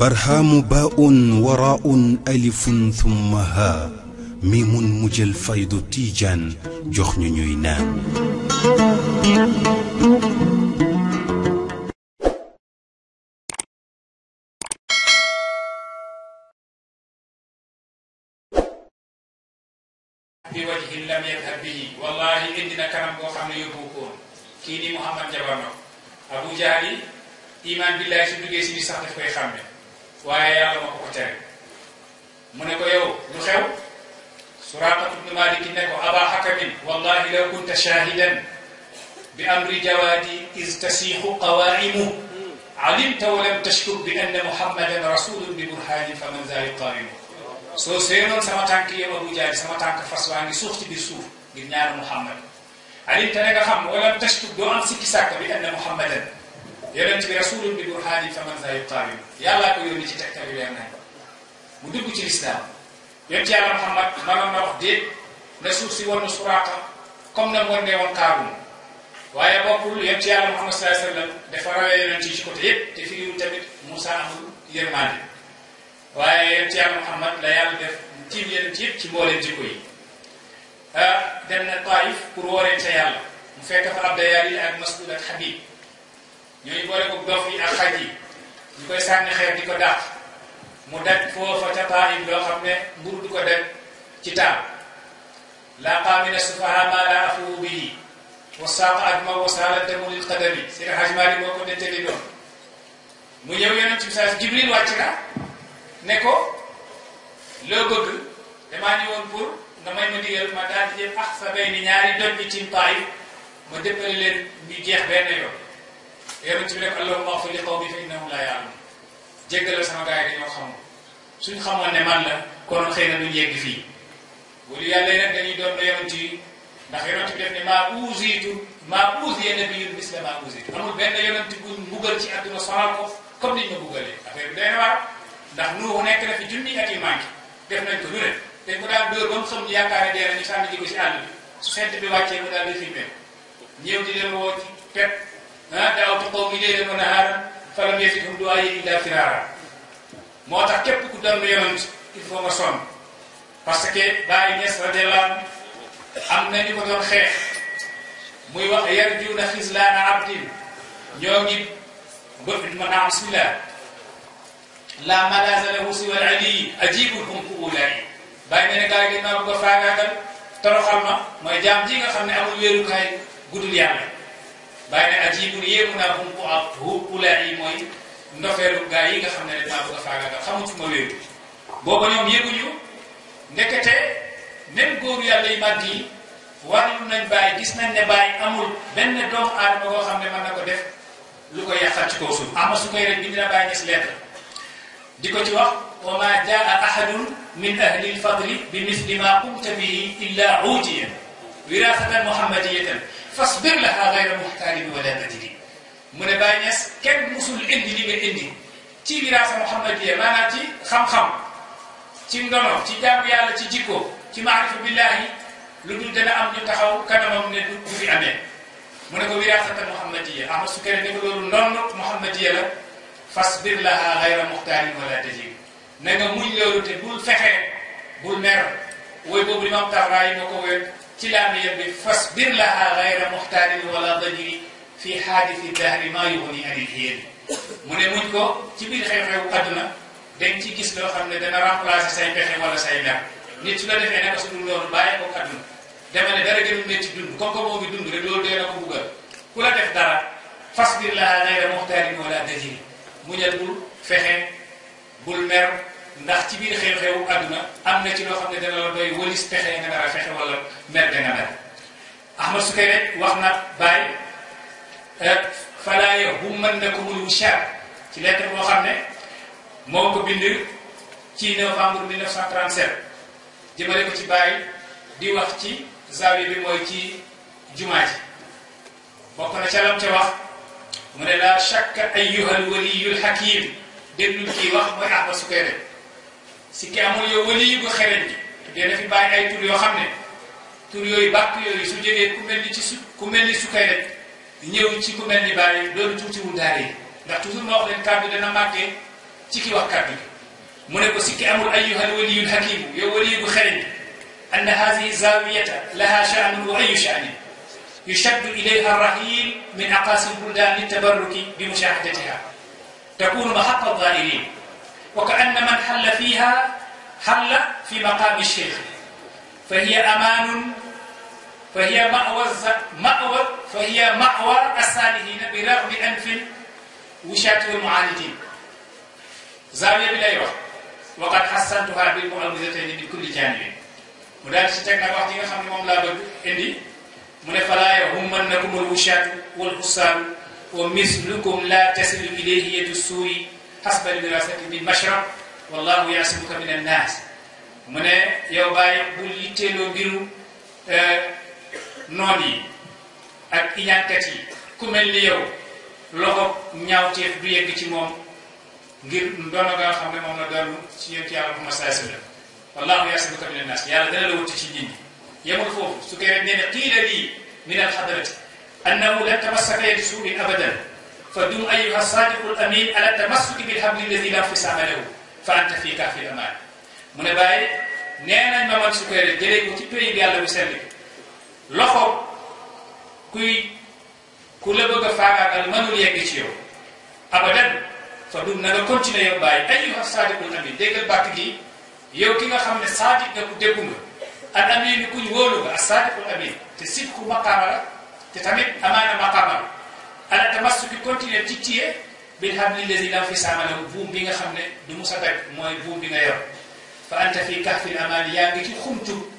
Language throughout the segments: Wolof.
برهام باء وراء ألف ثم ها ميم مجل فيض تيجان جخن نينان بوجه لم يذهب به والله إننا كرم وخمن يبوكون كيني محمد جبانو أبو إيمان بالله waaye yàlla ma ko ko tere mu ne ko yow lu xew suraqat ibnu maliki ne ko aba hakamin wallahi law kunta shahidan bi amri jawadi iz tasixu qawaimu alimta wa lam tashkur bi anna muhammadan rasulun bi burhani fa man za yuqarimu soo seenoon sama tànk yow abu jaari sama tànk fas waa ngi suuf ci biir suuf ngir ñaanu muhammad alimta ne nga xam wa lam tashkur doo am sikki sàkk bi anna muhammadan yonent bi rasulun bi burhaanin faman zaa yuqaawilu yàllaa ko yónni ci tegtal yu leer nañ ko dugg ci lislaam yonent yàlla Muhammad mënoon comme na mu ne woon Kaaruun waaye bokkul yonent ci yëpp te firiwul tamit Moussa amul yërmande waaye yàlla Muhammad la yàlla def yëpp ci mbooleem jikko yi ah, dem na Taif pour woorente yàlla mu fekk fa Abdayaari ak Mas'ud ak Habib. ñooy boole ko dof yi ak xaj yi ñu koy sànni xeer di ko dàq mu daj foofa ca Taif loo xam ne mburu du ko daj ci taam laqaa min as-sufaha ma la afuwu bihi wa saaqa adma wa saalante mu lil qadami seen xajmaat yi moo ko nettali doon mu ñëw yonent bi saa Jibril wàcc na ne ko loo bëgg damaa ñëwoon pour nga may ma digal ma daal di jël sa bay ni ñaari doj yi ci Taif ma dëppale leen ñu jeex benn yoon yonent bi def allahumma ighfir li qawmi fa innahum laa ya'lamuun jéggal sama gars yi dañoo xamul suñ xamoon ne man la kon xëy na duñ yegg fii wala yàlla yi dañuy doon yonent yi ndax yonent ne maa uuziitu maa uuziya nabiyyun misla maa uuziitu amul benn yonent buñ mbugal ci àdduna sonal ko comme niñ ma mbugalee affaire bi day waar ndax Nuux nekk na fi junni at yu manqué def nañ ko lu ne dañ ko daal dóor ba mu xam ñu yaakaar dee nañu sànni ji ko si àll su xent bi wàccee mu daal di filmé ñëw di ah da'awtu qawmi laylan wa naharan falam moo tax képp ku doon yonent il faut parce que Baay Ñas radiyallaahu am na ñu ko xeex muy wax yarjuuna xizlaana abdin ñoo ngi bëgg maanaam bismillah laa malaaza lahu siwal aliyyi ajiibuhum ulaa'i bàyyi ne ne gaa yi naa bëgg a faagaagal toroxal ma mooy jaam ji nga xam ne amul wéerukaay guddul yàlla bàyyi ne ajibul yéemu naa bu mu ko ab huppulaa yi mooy ndofeelu gaa yi nga xam ne ne maa bëgg a faagaagal xamu ci ma wéeru booba ñoom yëguñu ndekete même góoru yàlla yu màgg yi warlu nañ bàyyi gis nañ ne bàyyi amul benn doomu aadama koo xam ne mën na ko def lu ko yàqal ci kaw suuf ama su koy rek bind na bàyyi ñes lettre di ko ci wax wa ma jaa ahadun min ahli lfadli bi misli ma qumta bihi illa uujiya muhammadiyatan فاصبر لها غير محتال ولا بدل من بانيس كم مسل عندي لي من عندي تي براس محمد يا مانا تي خم خم تي ندونو تي جام يالا تي جيكو تي معرفه بالله لو دو دنا ام ني تاخاو كانام ام ني دو في امي من كو براس محمد يا اما سكر ني بلول نون محمد يا فاصبر لها غير محتال ولا بدل نغا موي لولو بول فخه بول مر وي بوبو ما تاراي مكو وي تلام يبي فاصبر لها غير محتال ولا ضجر في حادث الدهر ما يغني عن الحيل من المنكو تبير خير خير قدنا دين تي كيس لو خمنا دينا رام قلاس ساين بخير ولا ساين لا نتلا دفعنا بسم الله باية وقدنا دمنا درجة من نتي دون كم كم هو بدون ردول دينا كبوغر كلا دف دارا فاصبر لها غير محتال ولا ضجر مجدول فخير بول مر ndax ci biir xew-xewu aduna am na ci loo xam ne dana la doy walis pexe nga nar a fexe wala mer nga mer ahmad sukayre wax na baay fala yahummannakumul wushab ci lettre boo xam ne moo ko bind ci novembre 1937 jëmale ko ci baay di wax ci zawi bi mooy ci jumaa ji bokk na ca lam ca wax mu ne la shakka ayyuhal waliyul hakim déglu kii wax mooy ahmad sukayre sikki amul yow wali yi bu xereñ ji tuddee na fi bàyyi ay tur yoo xam ne tur yooyu bàkk yooyu su jógee ku mel ni ci su ku mel ni su koy rek ñëw ci ku mel ni bàyyi loolu tuutiwul daara yi ndax toujours ma wax leen kàddu dana màggee ci ki wax kàddu bi mu ne ko sikki amul ayyuhal waliyul hakim yow wali yi bu xereñ ji أن هذه الزاوية لها شأن وأي شأن يشد إليها الرحيل من أقاصي البلدان للتبرك بمشاهدتها تكون محق الظائرين وكأن من حل فيها حل في مقام الشيخ فهي أمان فهي مأوى مأوى فهي مأوى السالحين برغم أنف وشات المعالجين زاوية بلا وقد حسنتها بالمعلمتين من كل جانب مدار شتاك نبعتي وخم يوم لا بد عندي من فلا يهم أنكم الوشاة والحسان ومثلكم لا تسلم إليه يد السوء حسب دراستي من مشرق والله يعصمك من الناس من يو باي بول يتيلو بيرو آه، نوني اك ينتتي كومل ليو لوغو نياوتي فبريك تي موم غير ندونا غا خامي مام لا دارو سي يتي الله ما ساسل والله يعصمك من الناس يا دال لو تي سي دين يمر فوف سكيرت نين قيل لي من الحضره انه لن تمسك يد سوء ابدا فدم أيها الصادق الأمين على التمسك بالحبل الذي لا انفصام له فأنت في كاف الأمان من باي نانا ما من سكر جلي كتي بري بي الله بسلك لخو كوي كل بغا فاغا قال منو يغي تيو ابدا فدم نغا كونتيني يو باي ايها الصادق الأمين ديغال باكي يو كيغا خامن صادق نكو ديكوما الأمين كوي وولو الصادق الأمين تسيبكو مقامرا تتمت أمانة مقامرا ala tamassuki continuer ci tiye bil habli lazi la fisama lahu buum bi nga xam ne du musa dagg mooy buum bi nga yor fa anta fi kahfil amaan yaa ngi ci xumtu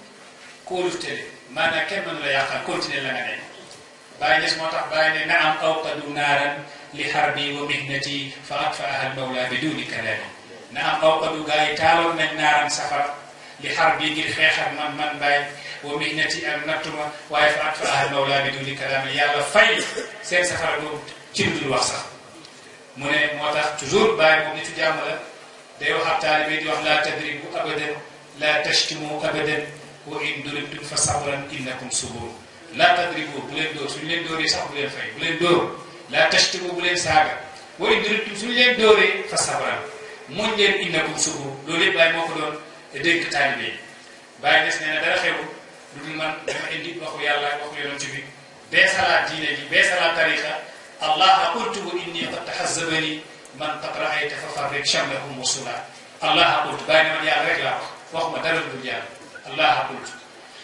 kóoluftale maanaam kenn mënu la yàqal continuer la nga nekk bàyyi des moo tax bàyyi ne naam awqadu naaran li harbi wa mihnati fa atfaaha al mawla biduni kalami naam awqadu gaa yi taaloon nañ naaran safara li xar bi ngir xeexal man man bàyyi wa mihnati am nattuma waaye fa at fa ahal mawlaa bi duni kalaam yàlla fay seen safara boobu ci lu dul wax sax mu ne moo tax toujours bàyyi moom nitu jàmm la day wax ab taalibe di wax laa tadribu abadan laa tashtimu abadan wa in duribtum fa sabran innakum subur laa tadribu bu leen dóor suñu leen dóoree sax bu leen fay bu leen dóor laa tashtimu bu leen saaga wa in duribtum suñu leen dóoree fa sabran muñ leen innakum subur loolu yëpp bàyyi moo ko doon te dégg taay bi bàyyi des nee na dara xewul lu dul man dama indi waxu yàlla waxu yonent bi beesalaat diine ji beesalaat tariqa allah qultu inni qad tahazzabani man man yàlla rek wax ma dara dul yàlla allah qultu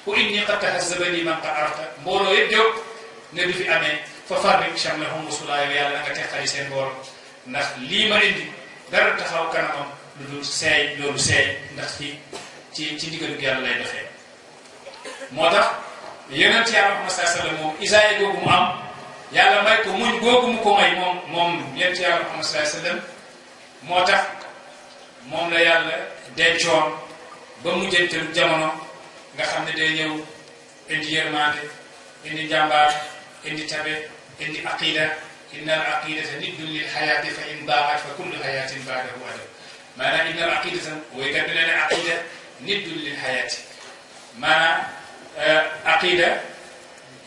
wa inni qad tahazzabani man qad arafta mbooloo yëpp jóg ne du fi amee fa farrik shamlahu musula yow yàlla na nga teqali seen boor ndax lii ma indi dara taxaw kanamam lu dul seey loolu seey ndax ci ci ci ndigalu yàlla lay doxee moo tax yonent yàlla Muhammad sallallahu alayhi wasallam moom isaay googu mu am yàlla may ko muñ googu mu ko may moom moom yonent yàlla Muhammad sallallahu alayhi wasallam moo tax moom la yàlla dencoon ba mujjanteelu jamono nga xam ne day ñëw indi yërmande indi njàmbaar indi tabe indi aqida inna al aqidata niddun lil xayaati fa in baaxat fa kullu xayaatin baadahu adab maanaam innal aqidata woykat bi nee na aqida niddul lil xayaati maanaam euh, aqida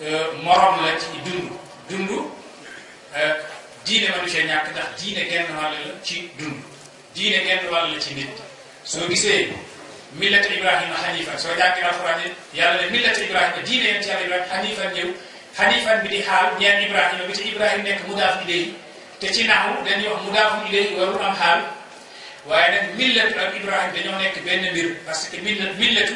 euh, morom la ci dund dund euh, diine manu see ñàkk genn wàll la ci dund genn wàll la ci nit soo gisee millata ibrahima xanifan soo jàngi alxuraan yi yàlla ne millata ibrahima diine yeen ci yàlla ibrahima xanifan ñëw xanifan bi di xaal ñeen ibrahima bi ci ibrahima te ci naxu dañuy wax mudaafum ilayhi warul am xaal waaye nag millatu ak ibrahima dañoo nekk benn mbir parce que millat millatu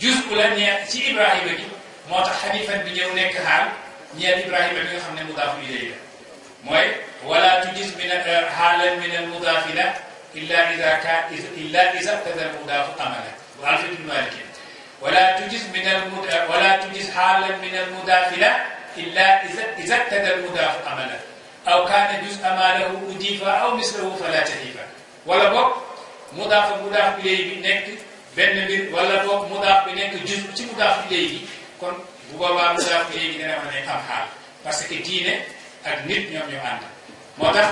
jus u la ñeex ci ibrahima gi moo tax xanifan bi ñëw nekk xaal ñeel ibrahima bi nga xam ne mudaafu ilay la mooy wala tujis min xaalan min al mudaafi la illa ida ka illa ida kadal mudaafu amala bu alfatul maliki ولا تجز من المد... ولا تجز حالا من المضاف له الا اذا اذا اقتدى المضاف املا او كان جزء ما له اضيف او مثله فلا تضيفه wala boog mudaaf ak mudaaf ilayhi bi nekk benn mbir wala boog mudaaf bi nekk juz ci mudaaf ilayhi bi kon bu boobaa mudaaf ilayhi bi dana mën a am parce que diine ak nit ñoom ñoo ànd moo tax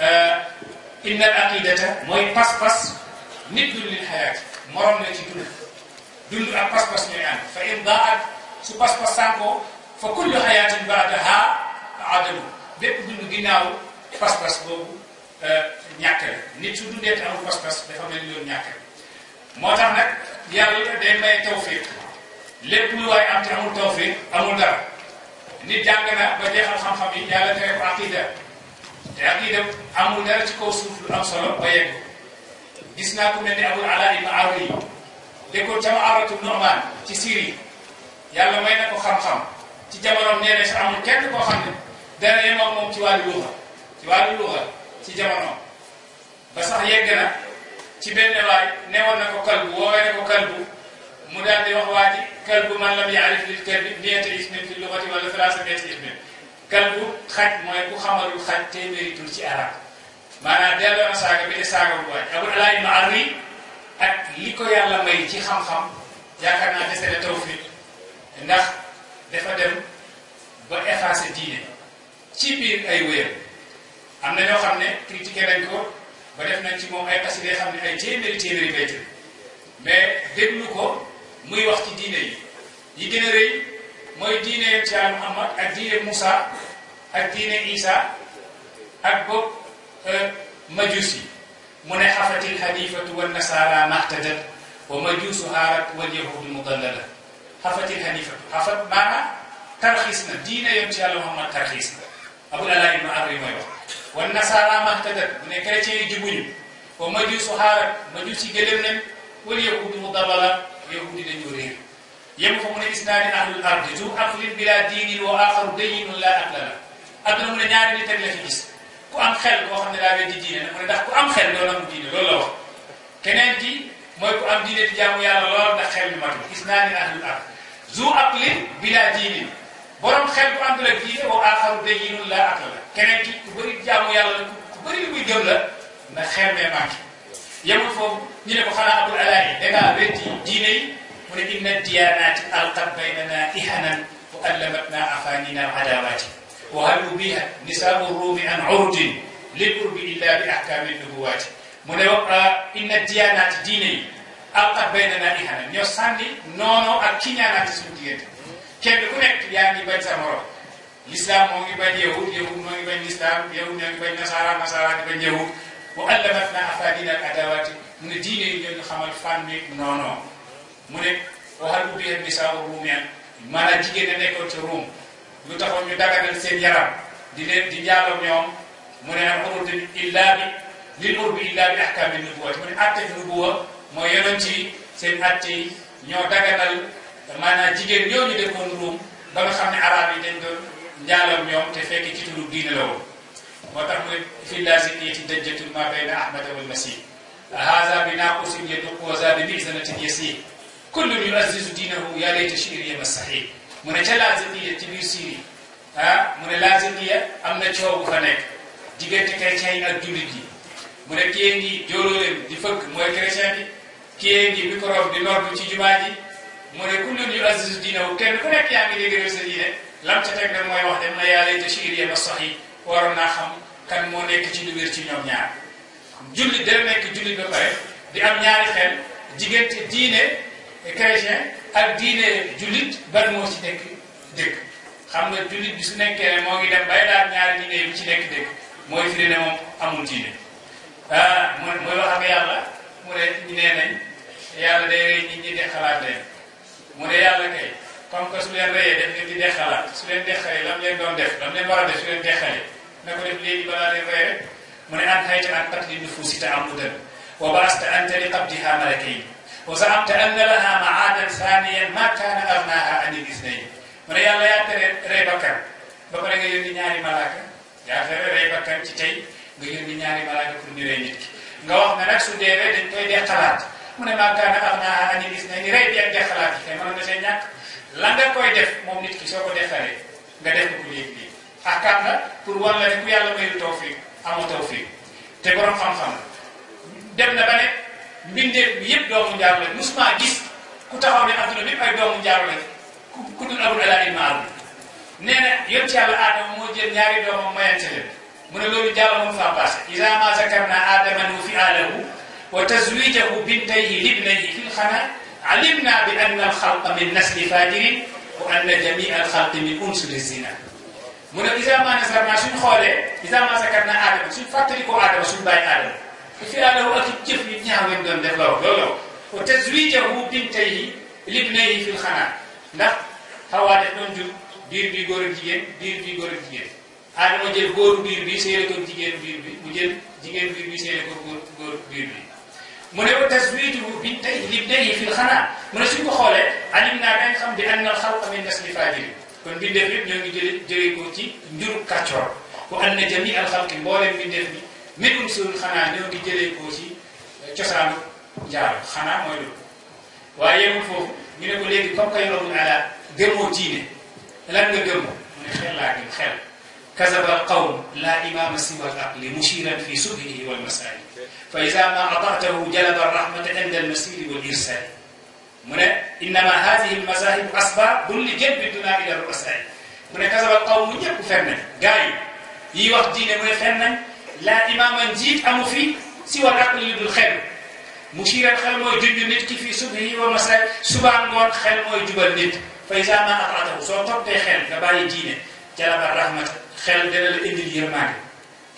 euh, inna al aqidata mooy pas-pas nit dul lil xayaati morom la ci dund dund ak pas-pas ñooy ànd fa in daat su pas-pas sànkoo fa kullu xayaatin baadaha adalu bépp dund ginnaaw pas-pas boobu Euh, ñàkk la nit su dundee te amul pas-pas dafa mel ni loolu ñàkk la moo tax nag yàlla day may tawfiq lépp lu waay am te amul tawfiq dara nit jàng na ba jeexal xam-xam yi yàlla tere ko aqida te aqida amul dara ci kaw suuf lu am solo ba yegg gis naa ku mel ni abul ala ibn arri dëkkoon sama aratu normal ci Syrie yàlla may na ko xam-xam ci jamonoom nee na sa amul kenn koo xam ne dara yemoo moom ci wàllu luuxa ci wàllu luuxa ci jamono ba sax yegg na ci benn waay newoon na ko kalbu woowee na ko kalbu mu daal di wax waa ji kalbu man lam yaarif lil kalbi miyata ismin fi lugati wala salaasa miyata ismin kalbu xaj mooy ku xamalul xaj téeméeri tur ci arab maanaam delloo na saaga bi de saagawul waaj abul alaayi ma arri ak li ko yàlla may ci xam-xam yaakaar naa dese na tawfiq ndax dafa dem ba effacé diine ci biir ay wéer am na yoo xam ne critiqué nañ ko ba def nañ ci moom ay xasida xam ne ay téeméeri téeméeri bayt mais déglu ko muy wax ci diine yi yi gën a rëy mooy diine ci al Muhammad ak diine Moussa ak diine Isa ak boog majus yi mu ne xafatil xadifatu wa nasara mahtadat wa majusu haarat wal yahudu mudallala xafatil xadifatu xafat maana tarxiis na diine yam ci al Muhammad tarxiis na abul ala ibnu arri mooy wax والنصارى ما اهتدت من كرتي جبوني ومجو سحارة مجو سيجلمن كل يهود مضبلة يهود دنيورين يمفهم من إسنان أهل الأرض ذو أقل بلا دين وآخر دين لا أقل له أدنى من نار لتجل في جس كأم خل وخم لا بد دين أنا من دخ كأم خل لولا مدين لولا كنان ما يكون أم دين تجامو يا الله دخل مرض إسنان أهل الأرض ذو أقل بلا borom xel bu àndul ak diine wa aaxaru dayyinun laa aqla la keneen ki ku bëri jaamu yàlla la ku bëri lu muy gëm la na xel mee manqué yemul foofu ñu ne ko xanaa abul alaayi dangaa weddi diine yi mu ne inna diyaanaati alqat baynana ihanan wa allamatna afaanina adawaati wa hal ubiha nisaau ruumi an urudin lil urbi illa bi ahkaami nubuwaati mu ne inna diyaanaati diine yi alqat baynana ihanan ñoo sànni noonoo ak kiñaanaati suñu diggante kenn ku nekk yaa ngi bañ sa morom l'islam moo ngi bañ yahud yahud moo ngi bañ l'islam yahud moo ngi bañ nasara nasara di bañ yahud bu allamat na afadina al adawaati mu ne diine yi leen xamal fànn non non mu ne waxal bu biir bi saa ruumeen maanaam jigéen a nekkoon ca ruum lu taxoon ñu daganal seen yaram di leen di njaaloo ñoom mu ne am urdu illa bi lil urbi illa bi ahkaami nubuwa mu ne atte nubuwa mooy yonent yi seen atte yi maanaam jigéen ñooñu defoon ruum ba nga xam ne arab yi dañ doon njaaloon ñoom te fekk ci turu diine la woon moo tax mu ne fi laazimiyati dajjatul ma bayna ahmada wal masih haza bi naaqusin yaduq wa za bi mizanatin yasir kullu yu'azzizu diinahu ya layta shi'riya masahih mu ne ca laazimiya ci biir Syrie ah mu ne laazimiya am na coow bu fa nekk diggante chrétien yi ak jullit yi mu ne kii ngi jóoloo leen fëgg mooy chrétien bi kii ngi microbe mu ne kullun yu azizu diinahu kenn ku nekk yaa ngi dégg sa diine lam ca teg nag mooy wax dem na yàlla te chiir yema sax yi waroon naa xam kan moo nekk ci lu ci ñoom ñaar jullit dana nekk jullit ba pare di am ñaari xel diggante diine chrétien ak diine jullit ban moo ci nekk dëkk xam nga jullit bi su nekkee ne moo ngi dem bay daal ñaari diine bi ci nekk dëkk mooy firi ne moom amul diine ah mooy wax ak yàlla mu ne ñu nee nañ mu ne yàlla kay comme que su leen reyee def nit di dexalaat su leen dexalee lam leen doon def lam leen war a def su leen dexalee na ko def léegi balaa leen rey rek mu ne an hayta an qatli nufusi ta'ammudan wa ba'asta anta li qabdiha malakayn wa za'amta anna laha ma'adan thaniyan ma kana aghnaha an al-ithnayn mu ne yàlla yaa tere rey bakkan ba pare nga yónni ñaari malaaka yaa tere rey bakkan ci tey nga yónni ñaari malaaka pour ñu rey nit ki nga wax ne nag su deewee dañ koy dexalaat mune ma maa kaana am ani gis na ni rey bi ak jaxalaat yi kay mënoon na sey ñak la nga koy def mom nit ki soko ko nga def ko léegi bi akam la pour wan la ne ku yàlla mayul tawfiq amoo tawfiq te borom xam-xam dem na bané ne mbindeef bi yëpp doomu njaaru la musma gis ku taxaw ni aduna bi ay doomu jaar la ku ku dul abul alaali maaru neena na ci yalla adam mo jël ñaari doomam mayante le mune lolu jaar jàll fa passé isa ma zakarna وتزويجه بنتيه لابنيه في الخنا علمنا بأن الخلق من نسل فاجر وأن جميع الخلق من أنس للزنا mu ne isa ma nasarna suñ xoolee isa ma sakar na aadama suñ fàttali ko aadama suñ bàyyi aadama fi aadawu ak jëf yu ñaaw lañ doon def law loolu wa taswijahu bintayhi libnayhi fil xanaa ndax xawaa def doon jur biir bi góor ak jigéen biir bi góor ak jigéen aadama jël góoru biir bi séere ko jigéen biir bi mu jël jigéen biir bi séere ko góor góor biir bi من مريو تزويده بنت لابنه في الخنا مرسي بخالد علم نعم خم بأن الخلق من نسل فاجر كن بدر ابن جري كوتي نور كاتشر وأن جميع الخلق بولم بدر من سون خنا نور جري كوتي تسامو جار خنا مولو وأيام فوق من يقول لك كم كان يوم على دمو جينة لم يدمو من خير لكن خير كذب القوم لا إمام سوى العقل مشيرا في سبهه والمسائل فإذا ما أطعته جلب الرحمة عند المسير والإرسال من إنما هذه المذاهب أسباب لجبتنا إلى الرؤساء من كذب القوم نيب فنن غاي يي وقت دين من فنن لا إمام نجيت أم في سوى العقل يدل خير مشير الخير موي جوج نيت كي في صبحه ومساء سبحان غون خير موي جبل النت فإذا ما أطعته سوى طب خير كباي دين جلب الرحمة خير دنا الاندل يرمان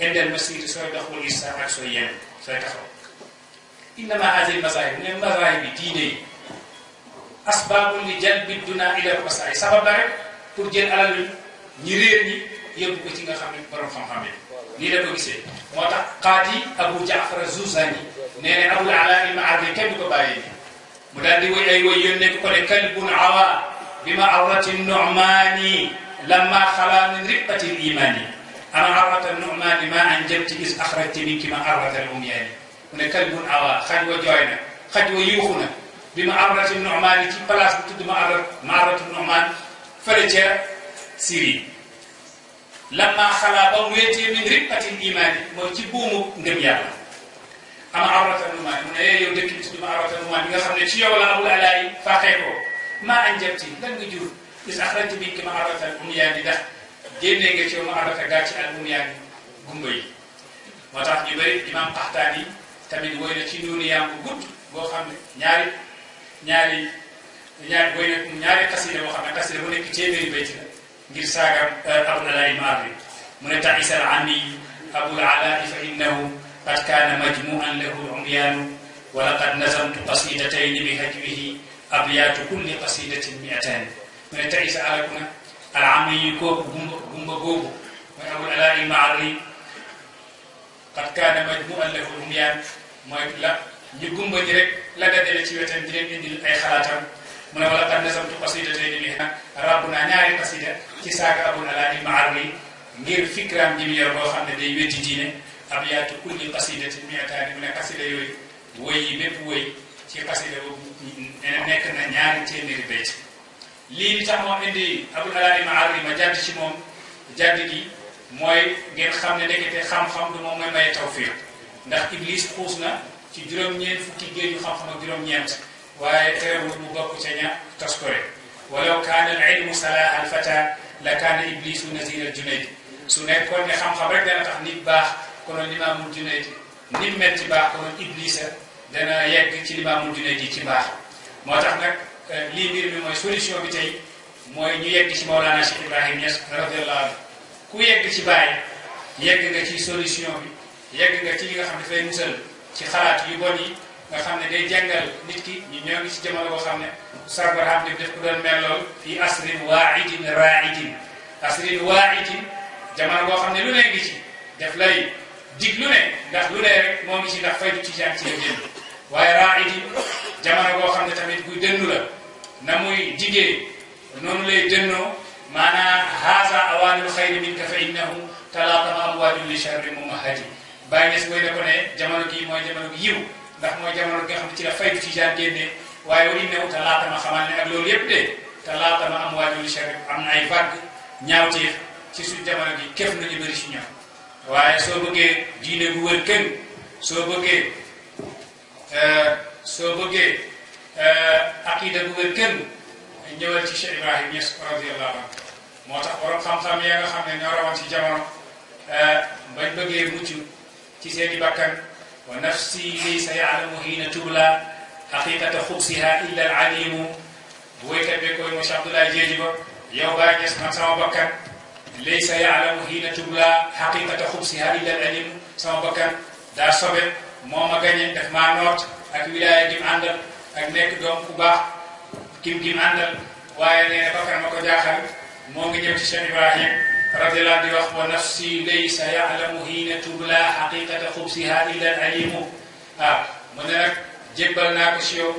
عند المسير سوى دخول إسحاق سوى يمن day taxaw innama hasil masaahib ne masaahib yi diine yi asbaabul li jalbi dunaa ilal masaahib sabab la rek alal ñi réer ñi ko ci nga xam ne borom xam-xam yi lii la ko qaadi Abu Jaafar Zuzani nee na abul alaa ma ardi kenn du mu daal woy ay woy yónnee ko ne kalbun awa bi ma arrati nu'maani lamma xalaa min riqati l imaani أنا عروة أن ما أنجبت إذ أخرجت منك ما عروة الأميان من كلب عوا خد وجوينا خد ويوخنا بما عروة النعمان كي بلاس بتد ما عروة ما عروة النعمان فلتر سيري لما خلا بويتي من ربة الإيمان موتي بومو ngëm yàlla ama awrata numaan mu ne yee yow dëkk bi tudd ma awrata numaan bi nga xam ne ci yow la abul alaay faaxee ko maa anjabti lan nga jur is axrajti bi ki ma awrata um yaa di dax génnee nga ci yow mu ànd ak gàcce ak mum yaa ngi gumba yi moo tax ñu bëri imam Qaxtaani tamit woy na ci nuuni yaa ngi gudd boo xam ne ñaari ñaari ñaari woy na ñaari xasida boo xam ne xasida bu nekk téeméeri bayt la ngir saaga abul alaayi maari mu ne taisa al ani abul alaayi fa innahu qad kaana majmuan lahu umyaanu wa laqad nazamtu qasidatayn bi hajwihi abyaatu kulli qasidatin mi'ataani mu ne taisa alakuna alamiyi kooku gumba gumba googu mooy abul ala il maari qad kaana majmuan lahu umyaan mooy la ñu gumba ñi rek la dajale ci wetam di leen indil ay xalaatam mu ne wala qad nasamtu qasidatayn li rabb naa ñaari qasida ci saaga abul ala il maari ngir fikraam ji mu yor boo xam ne day wetti diine abyaatu kulli qasidatin miataani mu ne qasida yooyu woy yi bépp woy ci qasida boobu nekk na ñaari téeméeri bayt lii li tax moo indi abul alaali ma arri ma jàdd ci moom jàdd gi mooy ngeen xam ne nekkete xam-xam du moom mooy maye tawfiq ndax iblis xuus na ci juróom-ñeent fukki géeju xam-xam ak juróom-ñeent waaye terewul mu bokk ca ña toskore walaw kaana al ilmu salah al fata la kaana iblisu nazir al junayd su nekkoon ne xam-xam rek dana tax nit baax konoon limaamul junayd nit mel ci baax konoon iblisa dana yegg ci limaamul junayd yi ci baax moo tax nag lii mbir mi mooy solution bi tey mooy ñu yegg ci Mawlana Cheikh Ibrahim Niass radiyallahu anhu ku yegg ci Baay yegg nga ci solution bi yegg nga ci li nga xam ne dafay musal ci xalaat yi nga xam ne day jàngal nit ki ñu ñoo jamono boo xam ne Oustaz Barham di def ku doon mel lool fii asrin waidin raidin asrin waidin jamono xam ne lu ne ngi ci def lay dig lu lu ne ci ndax faydu ci jàng ci la génn waaye raidin jamono boo xam ne tamit buy dënnu la na muy jigee noonu lay dënnoo maanaam haasa awaanul xayri minka fa innahu talaatama am waajul li charri mumahadi bàyyi nes booy ne ko ne jamono gi mooy jamono gi yiw ndax mooy jamono gi nga xam ne ci la faydu ci jaan génne waaye am waajul li na ay vague ñaawteef ci suñ jamono gi kéf nañu bëri si ñoom waaye soo bëggee diine bu wër kën soo bëggee euh, bëggee Eh, aqida bu wér kenn ñëwal ci Cheikh Ibrahim Niass radiyallahu anhu moo tax borom xam-xam ya nga xam ne ñoo rawoon ci jamono eh, bañ bëggee mucc ci seen i bakkan wa nafsi laysa yaalamu hiina tubla xaqiqata xubsiha illa al alimu bu wéykat bi koy mos Abdoulaye Jéeji ba yow Baay man sama bakkan laysa yaalamu hiina tubla xaqiqata xubsiha illa al sama bakkan daa sobe moo ma gañe def maa noot ak wilaaya gi mu ak nekk doom ku baax kim kim àndal waaye nee na bakkan ma ko jaaxal moo ngi jëm ci Cheikh Ibrahim radiyallahu wax wa nafsi laysa ya'lamu hiina tubla xaqiqata xubsiha illa alimu waaw ah, mu ne nag jébbal naa ko si yow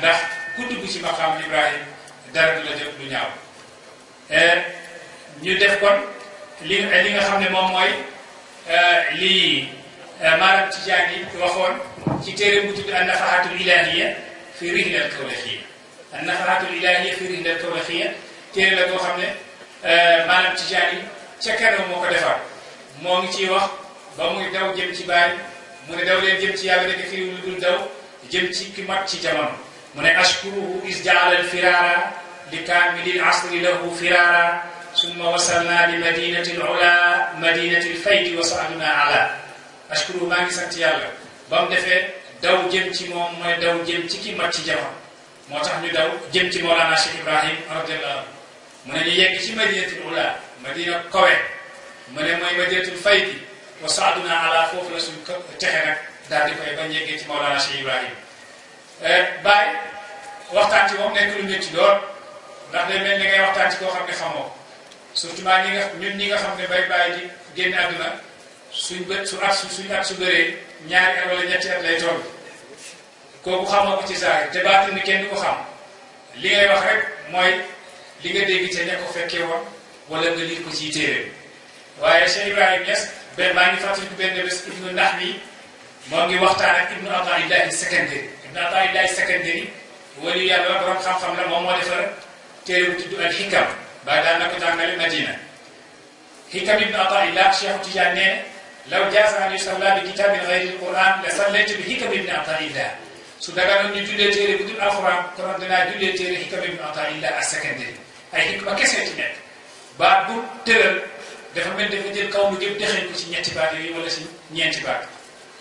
ndax ku dugg ci maqaam Ibrahim dara du la jot du ñaaw eh, ñu def kon li nga xam ne moom mooy eh, lii eh, maanaam ci jaan yi waxoon ci téere bu tudd an nafahatul ilahiyya في رحلة التوريخية النفرات الإلهية في رحلة التوريخية كيف لا تخمنا ما لم تجاري تكرر موقع دفع مومي تي وقت بمو يدعو جيم تي باي من يدعو لين جيم تي يابدك في ولدون دعو جيم تي كمات تي جمام من أشكره إذ جعل الفرارة لكامل العصر له فرارة ثم وصلنا لمدينة العلا مدينة الفيد وصعدنا على أشكره ما نسان تيالا بام دفع daw jëm ci moom mooy daw jëm ci ki ci jamono moo tax ñu daw jëm ci Mawlana Cheikh Ibrahim radiyallahu mu ne ñu yegg ci madinatul ula madina kowe mu ne mooy madinatul faydi wa saaduna ala foofu la suñ texe nag daal di koy bañ yeggee ci Mawlana Cheikh Ibrahim eh, Baye waxtaan ci moom nekk lu métti lool ndax day mel ni ngay waxtaan ci koo xam ne xamoo surtout maa ñi nga xam ne bay bàyyi di génn àdduna suñ bët su at suy at su bëree ñaari at wala ñetti at lay toll kooku xamoo ko ci saa te baati ni kenn du ko xam li ngay wax rek mooy li nga dégg te ña fekkee woon wala nga liir ko ciy téere waaye Cheikh Ibrahima Niass maa ngi fàttaliku benn bés ibnu ndax mi moo ngi waxtaan ak ibnu Ataillahi Sekandari ibnu Ataillahi Sekandari wali yàlla la borom xam-xam la moom moo defar téere bu tudd al xikam ba daan na ko jàngale Madina xikam ibnu لو جاز أن يصلى بكتاب غير القرآن لصليت به كم ابن عطاء الله سودان من جودة تير بدون أخرى قرآن دنا جودة تير حكم ابن عطاء الله السكندر أي حكم كسرت نت بعد تر دخل من دخل جل قوم جب دخل كسي نت بعد ولا سي نت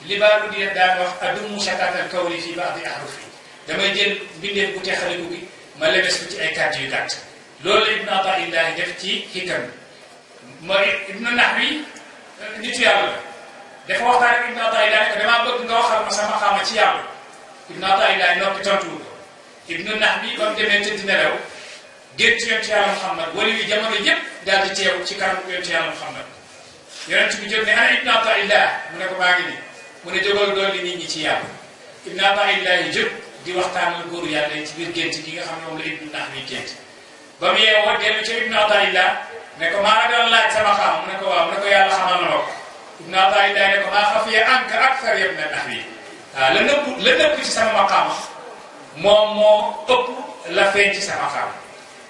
اللي بعد بدي أدعو أدم مشتات القول في بعض أحرفه دم جل بدي أقول خلقه ما لبس في أي كات يدات لول ابن عطاء الله جفتي حكم ابن نحوي nit yàlla dafa waxtaan ak Ibn Ata'illah ne ko damaa bëgg nga waxal ma sama xama ci yàlla Ibn Ata'illah noppi tontuwul ko Ibnu Nahbi ba mu demee tëdd nelaw génn ci yonent yàlla Muhammad wala yu ci kanam yonent yàlla Muhammad ne ana Ibn Ata'illah mu ne ko maa ngi nii mu ne jógal li nit ñi ci yàlla Ibn Ata'illah yi jóg di waxtaanal góoru yàlla ci biir gént gi nga xam ne moom la Ibnu Nahbi ne ko maa doon laaj sama xam mu ne ko waaw mu ne ko yàlla xamal na ma ko ibnu ataay daay ne ko maa xafiye anka akthar yëpp ya na ndax bii waaw la nëpp la nëpp ci sama maqaama moom moo ëpp la feeñ ci sama xam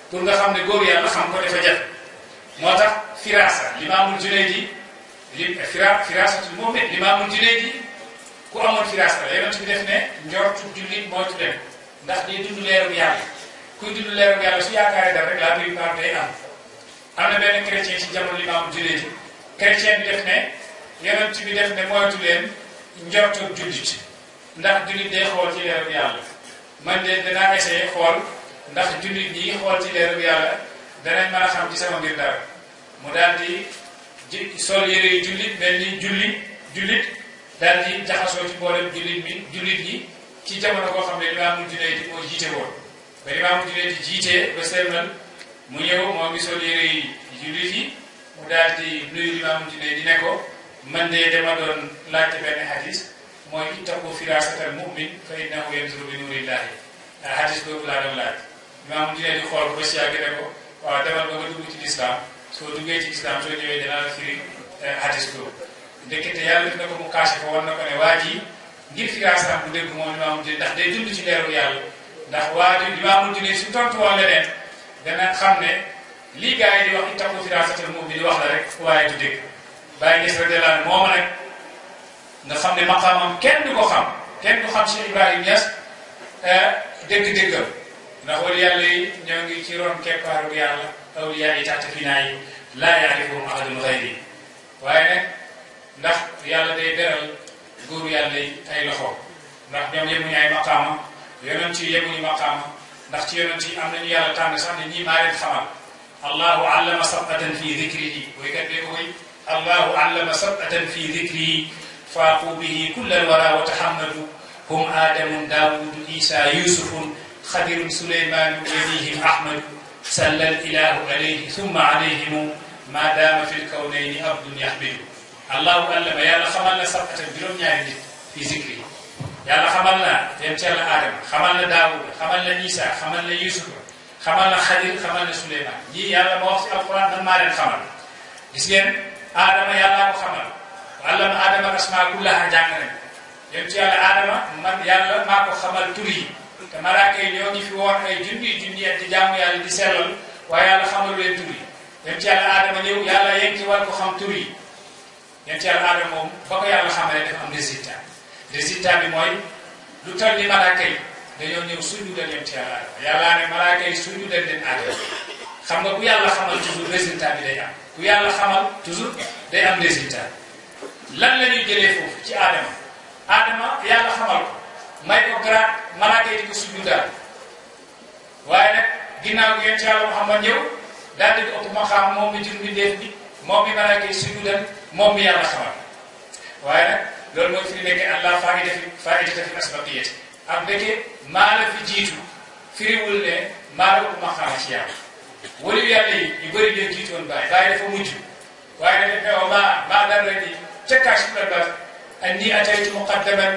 pour nga xam ne góor yàlla xam ko dafa jafe moo tax firasa limaamul junayd li fira firasatul mu'min limaamul junayd ku amoon firasa la yonent bi def ne njortu jullit moo ci dem ndax day dund leeru yàlla kuy dund leeru yàlla su yaakaaree dara rek laa muy part day am am na benn chrétien ci jamono limaam jullit chrétien bi def ne yonent bi def ne moytu leen njortu jullit ndax jullit man de xool ndax jullit ñi xool ci leeru yàlla danañ mën a xam ci sama mbir dara mu daal ji sol yére yu jullit mel jullit jullit daal jaxasoo ci mboolem jullit mi jullit ñi ci jamono koo xam ne limaamu jullit moo jiite woon ba limaamu jullit jiitee ba seen mu ñëw moom mi sol yére yi jullit yi di nuyu Imaamu Junayd di ne ko man de dama doon laajte benn hadis mooy ittaqu firaasatal mu'min fa innahu yanzuru bi nuurillaahi ah, hadis boobu laa doon laaj Imaamu Junayd di xool ba si yàgg ne ko waaw demal ba nga dugg ci lislaam soo duggee ci lislaam soo ñëwee danaa la firi eh, hadis boobu ndekete yàlla def ko mu kaase ko war na ko ne waa ji ngir firaasam bu dégg moom Imaamu Junayd ndax day dund ci dana xam ne lii gars yi di wax itam firaasatul moom bi di wax la rek waaye du dégg bàyyi gis rek la mooma nag nga xam ne maqaamam kenn du ko xam kenn du xam Cheikh Ibrahim Niass dégg-déggal ndax wala yàlla yi ñoo ngi ci ron keppaaru yàlla awliyaa yi taxta finaa yi laa yaarifuhum ahadun xayri waaye nag ndax yàlla day beral góoru yàlla yi ay loxo ndax ñoom yemuñu ay maqaama yonent yi yemuñu maqaama ndax ci yonent yi am nañu yàlla tànn sax ne ñii maa leen xamal allahu allama sabatan fi dikrihi woykat bee ko woy allahu allama sabatan fi dikrihi faaqu bihi kulla alwara wa tahammadu hum adamu daawudu isa yusufun xadirun suleymanu walihim ahmadu salla alilahu alayhi summa alayhimu ma dama fi lkawnayni abdun yahmilu allahu allama yàlla xamal na sabatan juróom ñaari nit fi dikrihi yàlla xamal na dem ci yàlla aadama xamal na daawuda xamal na isa xamal na yusufa xamal na xadir xamal na suleyman ñii yàlla ma wax ci alquran maa leen xamal gis ngeen aadama ko xamal wàllama aadama asmaa kullaha jàng nañ ngi fi woon ay junni junni at di jaamu di sellal waaye yàlla xamal leen tur yi ci yàlla aadama ñëw yàlla yegg war ko xam tur yi ci yàlla aadama moom ba ko yàlla xamalee def am résultat résultat bi mooy lu toll ni malaaka yi dañoo ñëw sujudal leen ci yàlla yàlla ne malaaka aadama yàlla xamal toujours résultat bi day lan la ñuy jëlee foofu aadama yàlla xamal ko may yi di ko sujudal waaye nag ginnaaw gi yéen ci yàlla Muhammad daal di ko ëpp ma xam moom mi jur mbindeef bi moom mi malaaka yi sujudal moom mi yàlla xamal waaye nag loolu mooy firi nekkee allah faidati faidata fi asbaqiyati ak nekkee maa la fi jiitu firiwul ne maa la uma xaama ci yàlla wali yàlla yi yu bëri leen jiitoon bàyyi bàyyi dafa mujj waaye dafa ne maa maa dara ni ca kaas la bas anni ataytu muqaddaman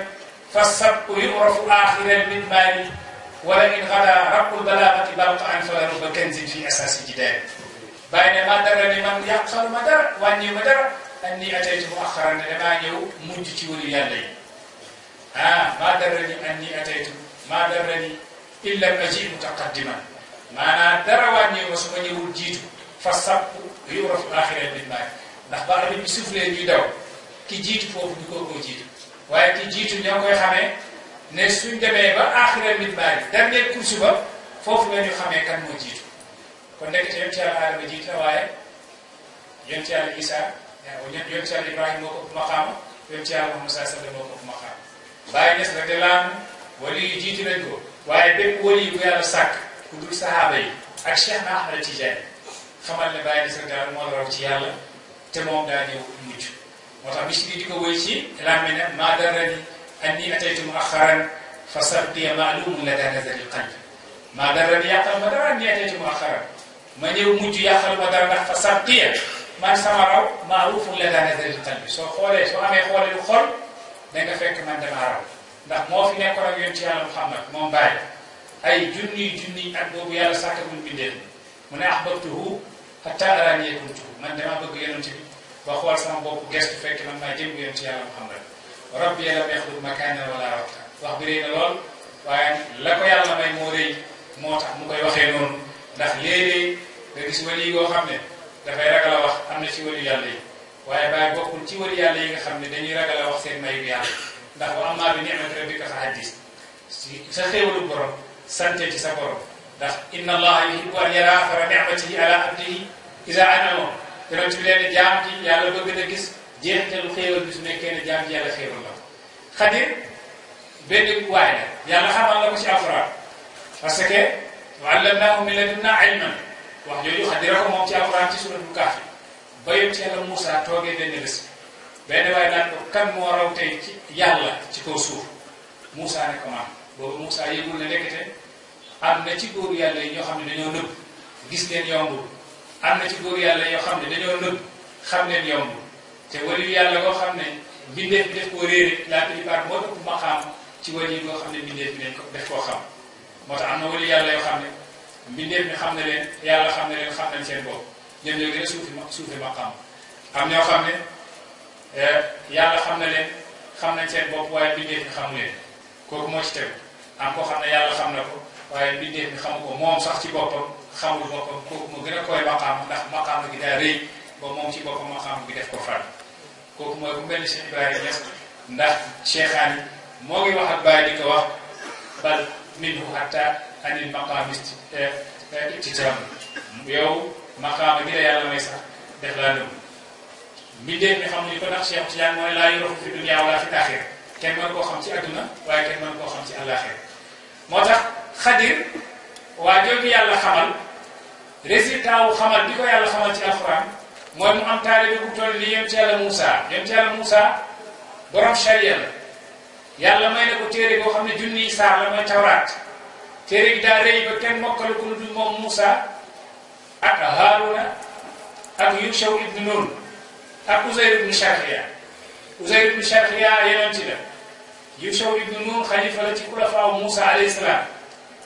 fa sabqu yurafu axiran min maali wala in xada rabbul balaagati balta an fala ruba kanzin fi asasi jidaari bàyyi ne maa dara ni man yàqalu ma dara wàññi ma dara أني أتيت مؤخرا لما نيو مجتي ولي يالي ها آه، ما درني أني أتيت ما درني إلا أجي متقدما ما درواني وسمني وجيت فسبق يورف آخر من ماي نخبار من يسوف لي جيداو كي جيت فوق نكو كو جيت وايه كي جيت نيو كوي خامي نسوين دمي با آخر من ماي درني كرسي با فوق نيو خامي كان مو جيت كون نكت يمتيا العالم جيت لوايه يمتيا العيسى yonent yàlla ibrahima moo ko ëpp maxaama yonent yàlla moom saa sallam moo ko ëpp maxaama bàyyi nes nag de laanu wali yi jiitu nañ ko waaye bépp wali bu yàlla sàkk ku dul sahaaba yi ak cheikh na ahmada tijaani xamal ne bàyyi nes nag daal moo la raw ci yàlla te moom daa ñëw mujj moo tax bis bi di ko wëy ci lamme ne maa darani anni ataytu muaxaran fa sabbiya maalumun la daa nazari qalb maa darani yàqal ma dara anni ataytu muaxaran ma ñëw mujj yàqal ma dara ndax fa sabbiya من سمعه معروف لدى نذير القلب سو خولي سو امي خولي الخول دنگا فك من دم عرب ده مو في نكرا يونتي على محمد مو باي اي جني جني ادبو بيالا ساكر من بدل من احببته حتى اراني يكونته من دم عبق يونتي وخول سمع بوك جست فك من ما جم يونتي على محمد ربي يلا بيخذ مكانا ولا ربك واخبرين الول وان لكو يالا ما يموري موتا مو كي وخي نون ده ليلي ده كسوالي وخامنه dafay ragal a wax am na ci wëli yàlla yi waaye bàyyi bokkul ci wëli yàlla yi nga xam ne dañuy ragal a wax seen mayu yàlla ndax wa amma bi ni'mati rabbika fa haddis si sa xéewalu borom sante ci sa borom ndax inna allaha yuhibbu an yara fara ni'matihi ala abdihi isa anamo yonent bi leen jaam ji yàlla bëgg na gis jeexitalu xéewal bi su nekkee ne jaam ji yàlla xéewal la xadir benn waay la yàlla xamal la ko ci alquran parce que wa allamnahu min ladunna ilman wax jooju xaddira ko moom ci alxuraan ci suratul kaafi ba yonent yàlla Moussa toogee benn bés benn waaye naan ko kan moo raw tey ci yàlla ci kaw suuf Moussa ne ko boobu Moussa yëgul ne lekkete am na ci góor yàlla yi ñoo xam ne dañoo gis leen yombul am na ci góor yàlla yoo xam ne dañoo nëbb xam leen yombul te waliyu yàlla koo xam ne mbindeef bi def koo réere la plupart moo ëpp maqaam ci waliyu koo xam ne mbindeef bi dañ def koo xam moo tax am na waliyu yàlla yoo ne mbindeef mi xam ne leen yàlla xam ne leen xam nañ seen bopp ñoom ñoo gën a suufi suufi maqaam am ñoo xam ne eh, yàlla xam na leen xam nañ seen bopp waaye mbindeef mi xamu leen kooku moo ci tegu am xam ne yàlla xam na ko waaye mbindeef mi xamu ko moom sax ci boppam xamul boppam kooku moo gën a koy maqaam ndax maqaam gi daa rëy ba moom ci boppam maqaam gi def ko faral kooku mooy ku mel ni sëñ Ibrahima Ñas ndax wax ak Baye di ko wax bal minhu hatta anil maqaamist ci taram eh, eh, yow maqaama gi la yàlla may sax def laa nëbb mbindeef mi xam ni ko laa yorofu fi dunya wala xam ci adduna waaye kenn mën koo xam ci àllaaxir moo tax yàlla xamal résultat xamal bi ko yàlla xamal ci alxuraan mooy mu am taalibe bu toll ni yem ci yàlla Moussa yem ci yàlla Moussa borom charia la yàlla may na ko téere boo xam ne junniy saar la mooy tawraat téere bi daa rëy ba kenn mokkalu ko lu dul moom ak Haaruna ak Yuusha ibn Nun ak Uzayr ibn Sharia Uzayr ibn Sharia yonent la Yuusha ibn Nun xalifa la ci xulafaaw Moussa alayhi salaam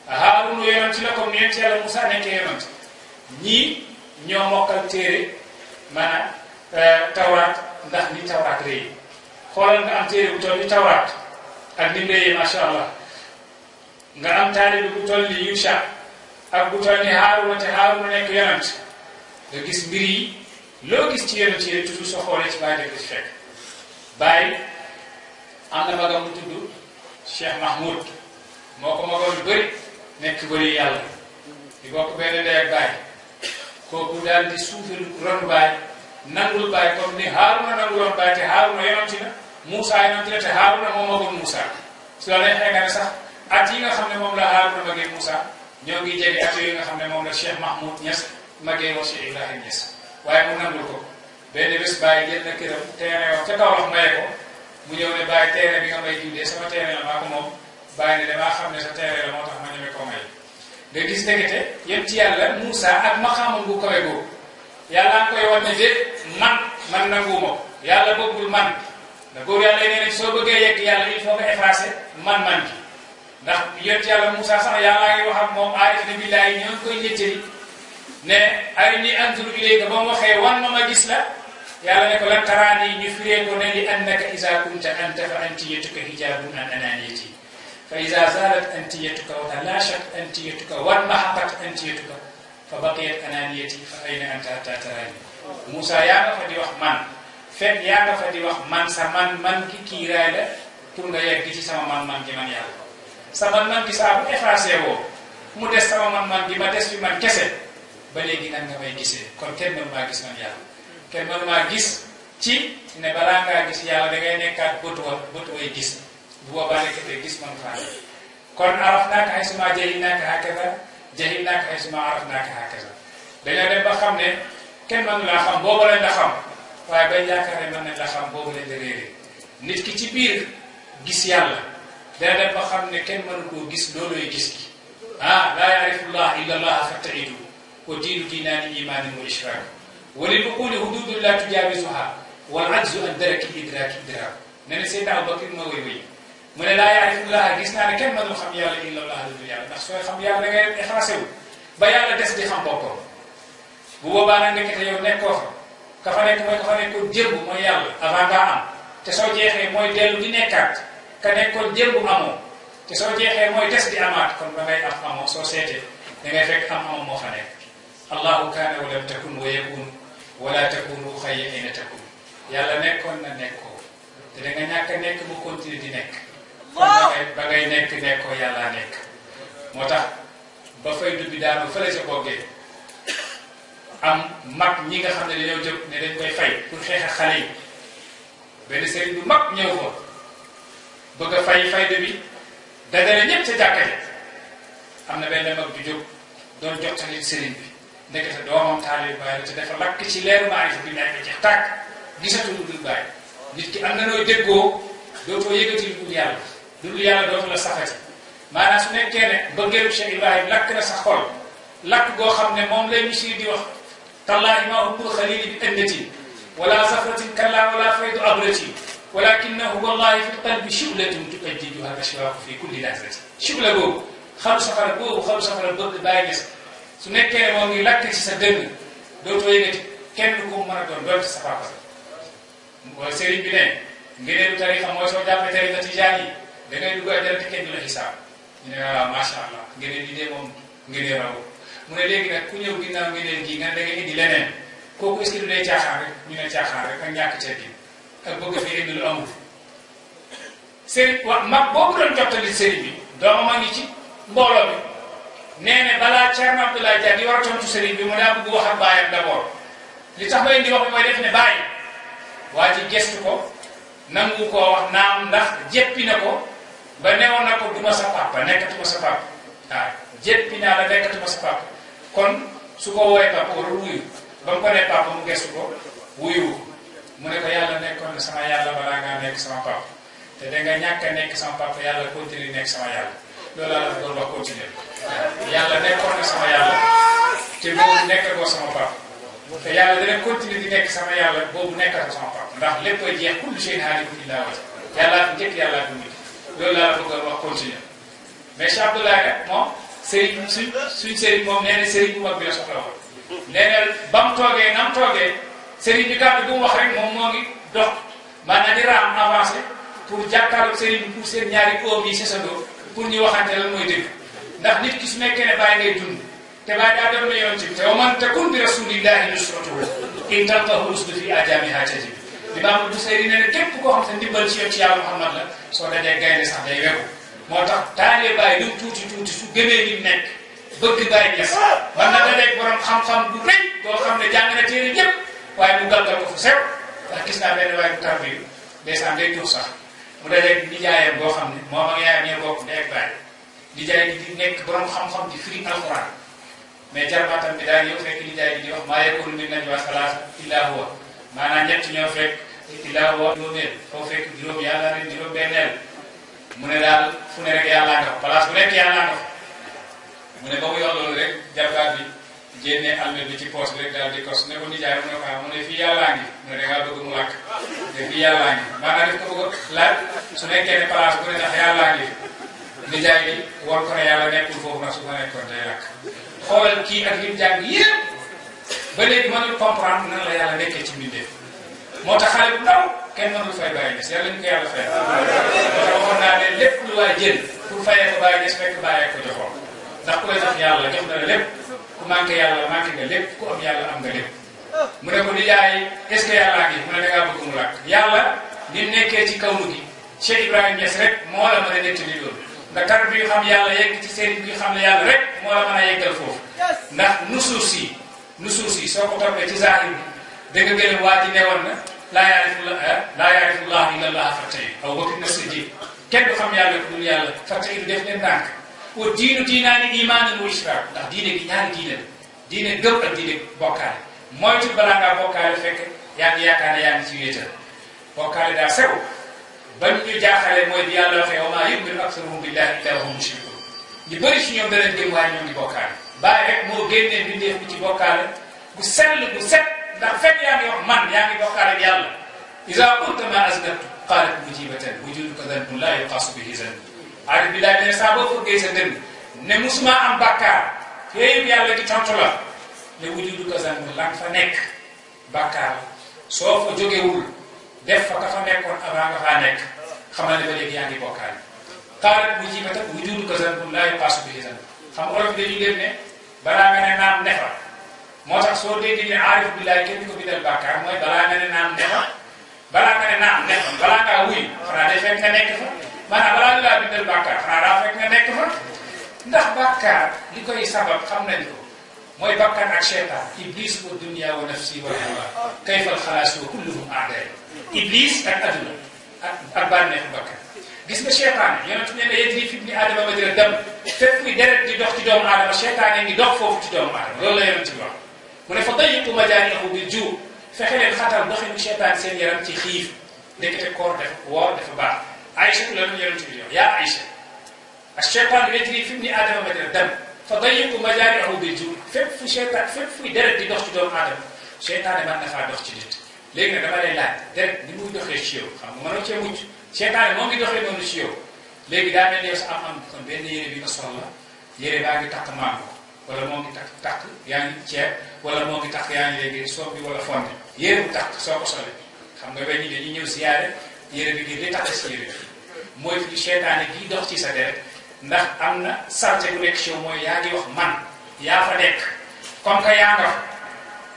Haaruna yonent la comme yonent Yàlla Moussa nekkee yonent ñii ñoo mokkal téere maanaam euh, tawraat ndax ni tawraat rëy xoolal nga bu toll ni tawraat ak ni mu rëyee allah. nga am taalibi bu toll ni Yuusa ak bu toll ni Haaruna te Haaruna nekk yonent nga gis mbir loo gis ci yonent yi toujours soo xoolee ci bàyyi dëgg ci fekk na magam bu tudd Cheikh moo ko magoon lu bëri nekk bëri yàlla di bokk benn ndey ak bàyyi kooku daal di suufil ronu bàyyi nangul bàyyi comme ni Haaruna nanguloon bàyyi te Haaruna yonent na Muusa yonent la te Haaruna moo magoon Muusa su la neexee nga sax at yi nga xam ne moom la Haaruna magee Moussa ñoo ngi jege at yooyu nga xam ne moom la Cheikh Mahmoud Niass magee wa Cheikh Ibrahim Niass waaye mu nangul ko benn bés bàyyi jël na këram terrain ko mu ñëw ne bàyyi terrain bi nga may jiw sama terrain la maa moom bàyyi ne damaa xam ne sa terrain la moo tax ma ñeme ko may nga gis ndekete yem ci yàlla Moussa ak maxaamam bu kawe boobu yàlla nga koy wan ne déet man man nanguuma yàlla bëggul man da góor yàlla nee nañ soo bëggee yegg yàlla il ndax yonent yàlla Moussa sax yàllaa ngi wax ak moom aayat na billaay ñoo ngi koy nettali ne ay ni anturu ilayka ba mu waxee wan ma a gis la yàlla ne ko lan taraani ñu firee ko ne li annaka iza kunta anta fa antiyatuka hijabun an ananiyati fa iza zalat antiyatuka wa talashat antiyatuka wan mahaqat antiyatuka fa baqiyat ananiyati fa ayna anta hatta taraani Moussa nga fa di wax man fekk yaa fa di wax man sa man man ki kiiraay la pour saa bu effacé woo mu des sama man-man ma des man kese ba léegi nan nga may gisee kon kenn mënu maa gis man gis ci ne balaa ngaa da ngay nekkaat bëtu wa bëtu gis bu gis man faa kon araf naaka ay suma jahil naaka hakaza jahil naaka dem ba xam ne kenn mënu laa xam boobu lañ la xam waaye bay yaakaar ne nañ la xam boobu lañ la réeré nit ki ci biir gis yàlla dana dem ba xam ne kenn mënu koo gis loolooy gis gi ah laa yaarifullah illa llaha fattaidu wa diinu diinaani imaanin wa ishraak wa lil uquli hududu laa tujaawisuha wal ajzu an daraki idraaki idraak ne ne Seydina Abubakar ma woy mu ne laa yaarifullah gis naa ne kenn mënul xam yàlla illa llaha lu yàlla ndax sooy xam yàlla da ngay xalaase wu ba yàlla des di xam boppam bu boobaa nag nekkite yow nekkoo fa ka nekk mooy ka fa nekkoon mooy yàlla avant ngaa am te soo jeexee mooy dellu di nekkaat. ka nekkoon démb amoo te soo jeexee mooy des di amaat kon ba ngay am amoo soo seetee da ngay fekk am amoo moo fa nekk allahu kaana wa lam takun wa yakun wala takunu xayya yàlla nekkoon na nekkoo da nga ñàkk nekk mu continuer di nekk ba ngay nekk nekkoo yàllaa nekk moo tax ba fay dubbi daanu fële sa boggee am mag ñi nga xam ne dañoo jóg ne dañ koy fay pour xeex a xale yi benn sëriñ bu mag ñëw ko bëgg a fay fayda bi dajale ñëpp ca jàkka am na benn mag ju jóg doon jottali sëriñ bi ndekete doomam taalib bàyyi la te dafa lakk ci leeru maarif bi nekk ba jeex tàkk gisatu lu dul bàyyi nit ki am na nooy déggoo dootoo yëgati lu dul yàlla lu dul yàlla dootu la safati maanaam su nekkee ne mbëggeelu Cheikh Ibrahim lakk na sa xol lakk goo xam ne moom lay misir di wax tallaahi ma hubbul xalili bi ëndati wala safratin kalla wala faydu abrati walakinahu wallahi fi qalbi shiblatun tubajjijuha kashfahu fi kulli lahzati shibla boobu xalu safara boobu xalu safara sa dënn dootoo yëgati kenn ku mu mën a doon doon ci safara ko mooy sëriñ bi ne ngëneelu tarixa mooy soo jàppee tarixa tijaan yi da ngay dugg ajjana kenn la xisaab ñu ne waaw ah, macha allah ngëneel yi de moom ngëneel raw mu ne léegi nag ku ñëw ginnaaw ngëneel gi nga da nga indi leneen kooku est-ce que du caaxaan rek ñu ne caaxaan rek ak ñàkk teggin ak bëgg fi indi lu amul sëriñ wax mag boobu doon jottali sëriñ bi doomam a ngi ci mbooloo bi nee na balaa Thierno Abdoulaye Dia di war a tontu sëriñ bi mu daa bëgg wax ak baayam d'abord li tax ma indi ko nangu ndax jéppi na ko ba newoon na ko du ko mu ko nee papa mu gestu ko wuyu mu ne ko yàlla nekkoon na sama yàlla balaa ngaa nekk sama papa te danga ñàkk a nekk sama papa yàlla continue nekk sama yàlla loolu laa la ko doon wax continue yàlla nekkoon na sama yàlla te boobu nekkagoo sama papa te yàlla dana continue di nekk sama yàlla boobu nekkagoo sama papa ndax lépp a jeex kullu shay'in haalikun illaa wajhahu yàllaa fi njëkk yàllaa fi mujj loolu laa la ko doon wax continue mais Cheikh Abdoulaye nag moom sëriñ suñ suñ sëriñ moom nee na sëriñ bu mag bi la soxla woon nee na ba mu toogee na mu sëriñ bi gàtt bu mu wax rek moom moo ngi dox maanaam di raam avancé pour jàkkaarloog sëriñ bi pour seen ñaari oom yi sesandoo pour ñu waxante lan mooy dëgg ndax nit ki su nekkee ne bàyyi ngay dund te bàyyi te wa man takun bi rasulillahi nusratuhu in tantahu rusdu fi ajamiha tajib Imaam Busayri nee na képp koo xam te ndimbal ci yoon ci yàlla a la soo dajee gaynde sax day wegu moo tax taalee bàyyi lu tuuti tuuti su gëmee li nekk bëgg bàyyi ñes man na dajee borom xam-xam bu rëy boo xam ne jàng na téere ñëpp waaye mu gàlgal ko fu sew ndax gis naa benn waaye bu tarbiyu ndeysaan day tuux sax mu dajeeg nijaayam boo xam ne moom ak yaayam ñoo bokk ndey ak baay nijaay di nekk borom xam-xam di firi alxuraan mais jarbaatam bi daal yow fekk nijaay bi di wax maa yakunu min najwa salaasa illaa huwa maanaam ñett ñoo fekk illaa huwa juróomeel foo fekk juróom yàlla ren juróom benneel mu ne daal fu ne rek yàllaa nga fa place bu nekk yàllaa nga fa mu ne ba mu yor loolu génne almet bi ci poos bi rek daal di ne ko nijaay mu ne ne fii yàllaa ngi mu ne dangaa bëgg mu làkk ne fii yàllaa ngi maanaam def ko bëgg su nekkee ne place bu su ma nekkoon day làkk xoolal la yàlla nekkee ci mbindee moo tax bu ndaw kenn mënul fay bàyyi des yàlla ñu moo naa ne lépp lu waay jël pour fayee ko bàyyi des fekk bàyyee ko joxoon ndax ku lay jox yàlla jox na la ku manqué yàlla manqué nga lépp ku am yàlla am nga lépp mu ne ko nijaay est-ce que yàllaa ngi mu ne mu làkk yàlla ni nekkee ci ka nu gi Cheikh Ibrahima Niass rek moo la mën a nettali yàlla yegg ci seen ne yàlla rek moo la mën a yeggal foofu ndax nusuus yi nusuus yi soo ko toppee ci zahir bi dëgg gën waa ji newoon na laa yaarifu eh, laa yaarifu llah illa llah fattay aw wakit na sa ji kenn du xam yàlla ku dul yàlla fattay du def ne ndànk wa diinu diinaani imaanan wa israr ndax diine gi ñaari diine la diine gëm ak diine bokkaale moytu balaa ngaa bokkaale fekk yaa ngi yaakaar ne yaa ngi ci wéetal bokkaale daa sew bañ ñu jaaxale mooy bi yàlla waxee wa maa yu'minu aksaruhum billahi illa hum mushrikun ñu bëri si ñoom danañ gëm waaye ñoo ngi bokkaale bàyyi rek moo génnee mbindeef bi ci bokkaale gu sell gu set ndax fekk yaa ngi wax man yaa ngi bokkaale ak yàlla iza qulta ma asnabtu qaalat mujibatan wujuduka dhanbun laa yuqaasu bihi dhanbun aarif bi laaj ne saa boo fëggee sa dënn ne musuma am bàkkaar yooyu yàlla di tontu ne wujudu kazan la nga fa nekk bàkkaar soo fa jógewul def fa ka fa nekkoon avant nga faa nekk xamal ne ba léegi yaa ngi bokkaal xaaral bu ci ba tey wujudu kazan laa yupaasu bi xam nga olof dañuy def ne balaa nga ne naam ne fa moo tax soo déggee ne aarif bi kenn ko bindal bàkkaar mooy balaa nga ne naam ne fa balaa nga ne naam ne fa nga nekk fa. maanaam balaa laa bindal bàkkaar xanaa daa nga nekk fa ndax bàkkaar li koy sabab xam nañ ko mooy bàkkaar ak cheytaan iblis wa dunia wa nafsi wa hawa kayfal xalaas wa kulluhum aaday iblis ak adduna ak ak bàkkaar gis nga cheytaan yonent ne ne yejri fi ibni aadama ma jëra dem fépp mi ci doomu aadama cheytaan yi ngi dox foofu ci doomu aadama loolu la yonent bi wax mu ne fa dayiqu majaanihu bi juu fexe leen xatal doxinu cheytaan seen yaram ci xiif ndekete koor def woor dafa baax Aïcha loolu yonent bi yow yaa Aïcha ak cheytaan wéetri fi mu ni aadama ma def dem fa dayiqu majaari'ahu bil jur fépp fu cheytaan fépp fuy deret di dox ci doomu aadama cheytaane man dafaa dox ci nit léegi nag dama lay laaj deret ni muy doxee ci yow xam nga mënoo cee mucc cheytaane moo ngi doxee noonu ci yow léegi daa mel ni yow sa benn yére bi nga soxla yére baa ngi takk mango wala moo ngi takk takk yaa ngi ceeb wala takk yaa ngi léegi soob bi wala fonde yére bu takk soo ko xam nga ba ñu dañuy ñëw si mooy seytaane gi dox ci sa deret ndax am na salte bu nekk ci yow mooy yaa ngi wax man yaa fa nekk comme que yaa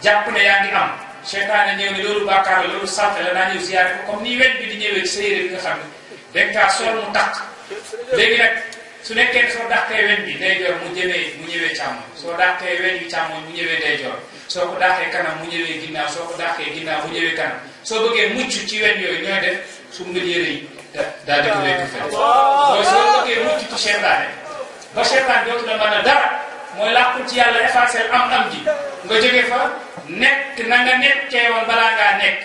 nga ne yaa ngi am seytaane ñëw ne loolu bàkkaar la loolu salte la naa ñëw ziyaare ko comme ni wet bi di ñëwee ci sa yére bi nga xam ne dañ kaa mu takk léegi su nekkee so dàqee wen bi day joor mu jëmee mu ñëwee càmmoñ soo dàqee wen bi càmmoñ mu ñëwee day joor soo ko dàqee kanam mu ñëwee ginnaaw soo ko dàqee mu ñëwee ci wen yooyu ñooy def su mbir yére yi daa def lay këfër mooy soo bëggee mucc ci seytaane ba seytaane dootu la mën a dara mooy làqu ci yàlla effacé am-am ji nga jóge fa nekk na nga nekkee woon balaa ngaa nekk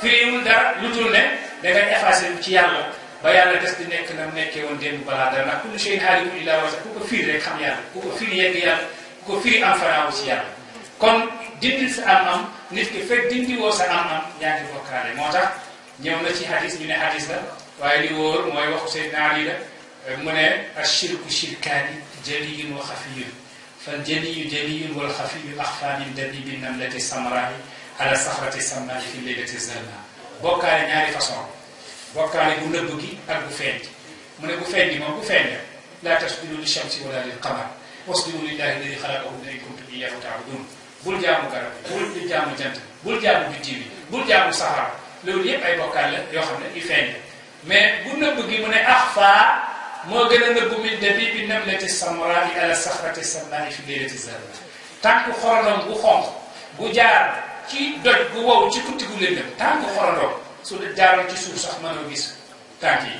firiwul dara lu ne dangay effacé ci yàlla ba yàlla des di nekk na mu nekkee woon démb balaa dara ndax kullu shay'in haalikun ku ko firi rek xam yàlla ku ko firi yegg yàlla ku ko firi am faraawu ci yàlla kon dindil sa am-am nit ki fekk dindi woo sa am na ci hadis ñu waaye li wóor mooy waxu Seydina Ali la mu ne ashirku shirkaani jaliyun wa xafiyun fal jaliyu jaliyun wal xafiyu axfaa min dadi bi namlati samraayi ala saxrati sammaani fi leylati zalma bokkaale ñaari façon bokkaale bu nëbb gi ak bu feeñ mu ne bu feeñ gi moom bu feeñ la laa tasjudu li shamsi wala lil qamar wasjudu lillahi alladi xalaqahunna in kuntum iyyahu taabudun bul jaamu garab bul jaamu jant bul jaamu biddiw bul jaamu saxaar loolu yépp ay bokkaal la yoo xam ne i feeñ la mais bu nëbb gi mu ne axfaa moo gën a nëbb min dabi bi namlati samraa yi ala saxrati sammaa fi leelati zarra tànk xorondom bu xonq bu jaar ci doj bu wow ci kutti gu tànk xorondom su jaaroon ci suuf sax mënoo gis tànk yi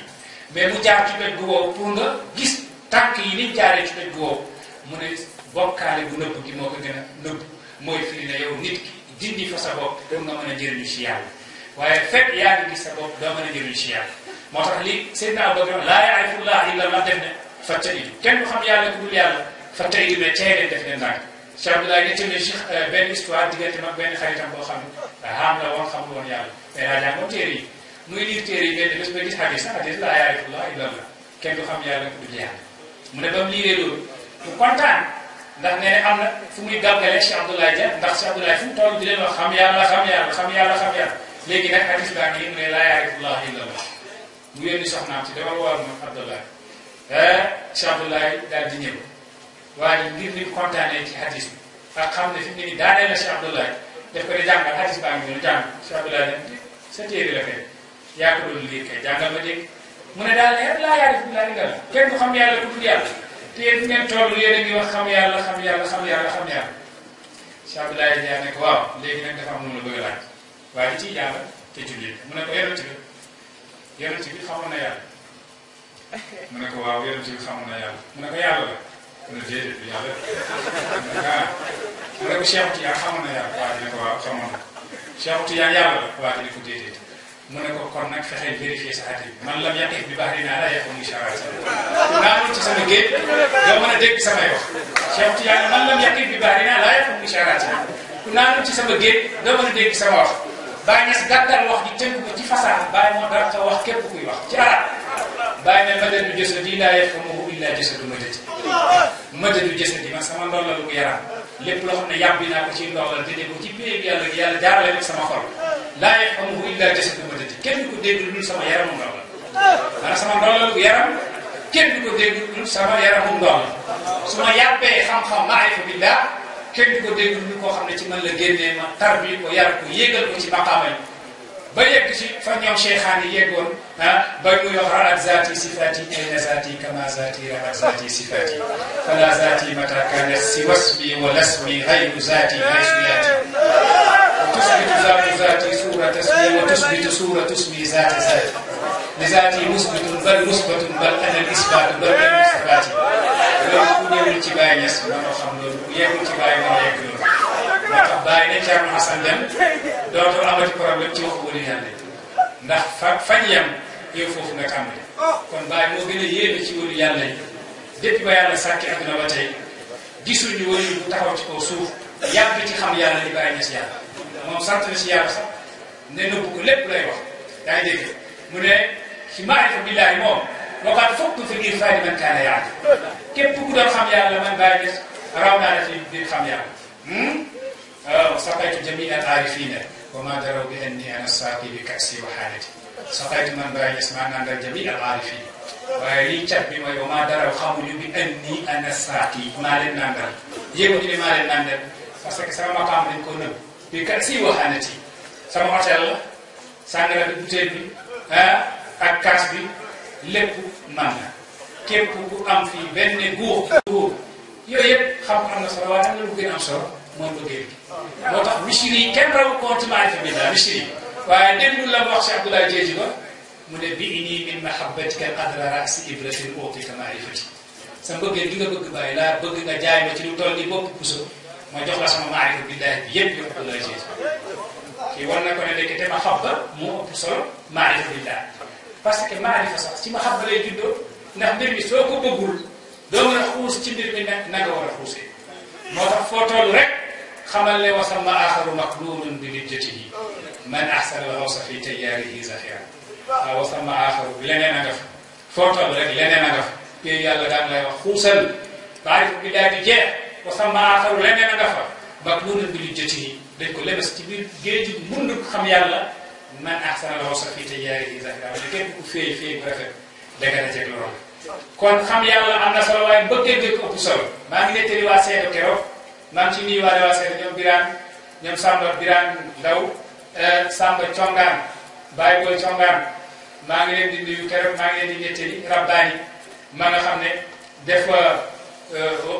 mais mu jaar ci doj bu wow pour nga gis tànk yi niñ jaaree ci doj bu wow mu ne bokkaale bu nëbb gi moo ko gën a nëbb mooy firi ne yow nit dindi fa sa bopp pour nga mën a jëriñu ci yàlla waaye fekk yaa gis sa bopp doo mën a jëriñu ci yàlla moo tax li Seydina Abubakar laa yaarifullaah illa man def ne fattaidu kenn du xam yàlla ku dul yàlla fattaidu ne ceeleen def ne ndànk Cheikh ne Cheikh euh, benn histoire diggante benn xaritam boo xam ne ah, xam la woon xamul woon yàlla mais daa jàngoon téere yi muy liir téere yi benn bés ba gis xadis laa yaarifullaah illa kenn du xam yàlla ku dul yàlla mu ne ba mu liiree loolu mu kontaan ndax nee na am na fu muy gàmbalee Cheikh Abdoulaye Dia ndax Cheikh Abdoulaye fu mu toll di leen wax xam yàlla xam mu yónni soxnaam si demal wool ma Abdoulaye si eh, Abdoulaye daal di ñëw waaye ngir ni kontaanee ci hadis ak xam ne fi mu ne nii daanee na si Abdoulaye daf ko di jàngal hadis baa ngi doon jàng si Abdoulaye ne sa téere ko doon liir kay jàngal ma dégg mu ne daal eh, laa yaa def laa dingal kenn du xam yàlla ku dul yàlla te yéen ngeen toll yéen a ngi wax xam yàlla xam yàlla xam xam yàlla si Abdoulaye ne ko waaw léegi nag dafa am la bëgg a laaj waaye ci yàlla te jullit yonent bi xamoon na yàlla mu ne ko waaw yonent bi xamoon na yàlla mu ne ko yàlla la mu ne déedéet du yàlla ah. na yàlla waa ji ne waaw xamoon na Cheikh Tidiane yàlla la waa ji ne ko déedéet mu ne ko kon nag fexeel vérifier sa at bi man bi baax di naa la yaqum incha allah naa ci sama géej doo mën man lam yaqif bi baax bàyyi na si gàttal wax ji tënk ko ci fasaa bàyyi moo dara ko wax képp kuy wax ci arab bàyyi na madadu jasadi laa yafhamuhu illa jasadu madadi madadu jasadi man sama ndollalu ko yaram lépp loo xam ne yàbbi naa ko ci ndollal dédee ko ci péye bi yàlla yàlla jaarale ko sama xol laa yafhamuhu illa jasadu madadi kenn ko dégg lu dul sama yaramu ndollal maanaam sama ndollalu ko yaram kenn ko dégg lu dul sama yaramu ndollal su yàbbee xam-xam maarifa billah kenn du ko dégg ñu koo xam ne ci man la génnee ma tarbi ko yar ko yéegal ko ci maqaama yi ba yegg ci fa ñoom cheikhaan yi yeggoon ah ba muy wax raat zaati sifaati ayna zaati kama zaati raat zaati sifaati fala zaati mata kaanat si wasmi wa lasmi xayru zaati maysuyaati تثبت ذات ذاتي صورة اسمي وتثبت صورة اسمي ذات ذاتي bisaati musbatun bal musbatun bal anal isbaatu bal anal isbaati loolu ku ñëwul ci Baye Niass mënoo xam loolu ku yeggul ci Baye mën a yegg loolu moo tax Baye ne Thierno Hassane Deme dootoo amati problème ci waxu wële yàlla ndax fa fañ yem yow foofu nga tàmbali kon Baye moo gën a yéeme ci wëlu yàlla yi depuis ba yàlla sàkki àdduna ba tey gisuñu wëlu bu taxaw ci kaw suuf yàgg ci xam yàlla li Baye Niass yàlla moom sant na si yàlla sax ne nëbbu ko lépp lay wax yaa ngi dégg mu ne. في معرفه بالله موم وقد فقت في الارشاد من كان يعرف كيف تقول الخم يا من بايس رونا في الخم يا سقيت جميع العارفين وما دروا باني انا ساقي بكاسي وحالتي سقيت من بايس ما عند جميع العارفين وهي تشب وما دروا خمولي باني انا ساقي مال النمر يبقى لي مال النمر فسك سما مقام لكم بكاسي وحالتي سما ما شاء الله سانغلا ها ak kaas bi lépp man la képp ku am fii benn guux guux yooyu yëpp xam-xam na solo waaye nag la gën am solo mooy bëggee bi moo tax misiri yi kenn raw koo ci maarifa bi daal misiri yi waaye déglu wax si Abdoulaye Jéeji ba mu de bi inii min mahabbatika qadra rasi ibratin utika maarifati sa mbëggeel gi nga bëgg bàyyi laa bëgg nga jaay ma ci lu toll ni bopp puso ma jox la sama maarifa billahi bi yëpp yow Abdoulaye Jéeji kii war na ko ne parce que maarifa sax ci ma xam ba lay juddoo ndax mbir mi soo ko bëggul doo mën a xuus ci mbir mi nag na war a xuusee moo tax foo toll rek xamal ne wasamma axaru man a nga fa foo toll fa yooyu yàlla bi daal di dañ ko lebes ci biir géeju munduk xam yàlla man ahsana lahu wasfan fii tijaaratihi zakiran ne képp ku féey féey bu rafet dëgg na ceeg loolu kon xam yàlla am na solo waaye bëggee dëkk ëpp solo maa ngi nettali waa seetu keroog maa ngi ci nuyuwaale waa seetu ñoom Birane ñoom Samba Birane Ndaw Samba Congaan Baye Congaan maa ngi leen di nuyu maa ngi nettali rabbaani ma nga xam ne dafa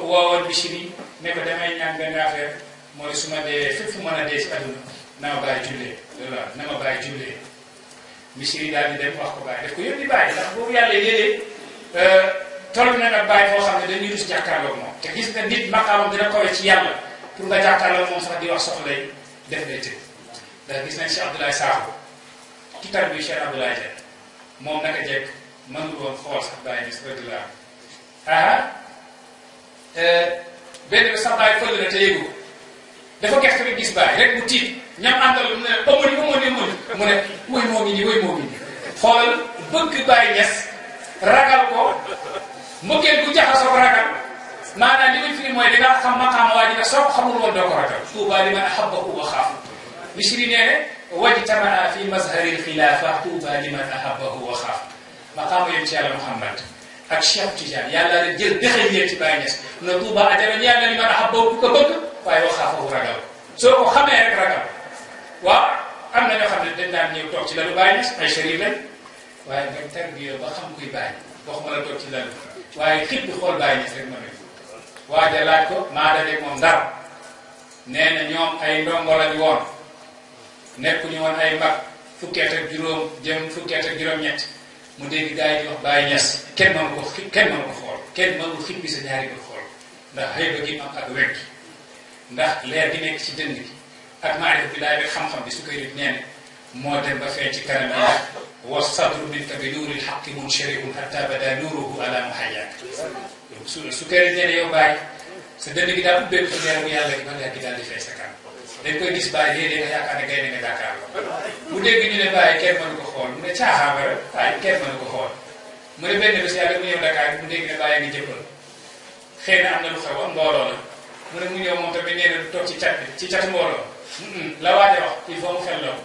woowoon Bichri ne ko damay ñaan benn affaire mooy su dee fépp fu dee ci àdduna naa bàyyi jullee waaw na ma bàyyi jullee misiri daal di dem wax ko bàyyi def ko yëpp di bàyyi ndax boobu yàlla léeg-léeg euh, toll na nga bàyyi foo xam ne dañuy rus jàkkaarloog moom te gis nga nit maqaamam dina kowe ci yàlla pour nga jàkkaarloog moom sax di wax soxlay def day tëj ndax gis nañ Cheikh Abdoulaye Sakho ki tar bi Cheikh Abdoulaye Dia moom naka jekk mënul woon xool sax bàyyi gis radiyallaahu ah benn bi sax bàyyi na te yëgu dafa gerte rek gis bàyyi rek mu tiit ñam àndal mu ne ba mu ni ba mu ni mu ni mu ne woy moo ngi nii woy moo ngi nii xoolal bëgg bàyyi ñes ragal ko mbëggeel bu jaxasoo ko ragal maanaam li muy firi mooy da ngaa xam maqaama waa ji ne soo ko xamul woon doo ko ragal tuuba li man ahabahu wa xaafu bisiri nee ne wajtamaa fi mazhari lxilaafa tuuba li man ahabahu wa xaafu maqaama yëpp ci yàlla muhammad ak Cheikh Tidiane yàlla la jël dëxëñ leen ci bàyyi ñes na tuuba ajana yàlla li man ahabahu ku ko bëgg waaye wa xaafahu ragal soo ko xamee rek ragal waa am na ñoo xam ne dañ daan ñëw toog ci lalu bàyyi ay chérif lañ waaye nga tarbiya ba xam kuy bàyyi waxuma la toog ci lalu waaye xib bi xool bàyyi rek ma ko maa dajeeg moom dara nee na ñoom ay woon ay mag fukkeet ak juróom jëm fukkeet ak juróom-ñett mu dégg gars yi di wax kenn mënu ko kenn mënu ko xool kenn mënu xib bi sa ñaari ko xool ndax xëy ba gi am ak wekk ndax leer gi nekk ci dënd gi ak maarif bi laay bi xam-xam bi su koy def nee moo dem ba fee ci kanam yi wa sadru bi ka bi nuuril xaqi munshari'un hatta bada nuuruhu ala muhayyak su su koy def nee yow bàyyi sa dënn gi daal ubbeeku ci leeru yàlla gi ba leer gi daal di fay sa kanam dañ koy gis bàyyi yéen nga yaakaar ne gaynde nga jàkkaarloo mu dégg ñu ne bàyyi kenn mënu ko xool mu ne caaxaan rek bàyyi kenn mënu ko xool mu ne benn mu ñëw Dakar mu ne mu ne mu ñëw moom tamit bi ci cat la waaje wax il faut mu xelloo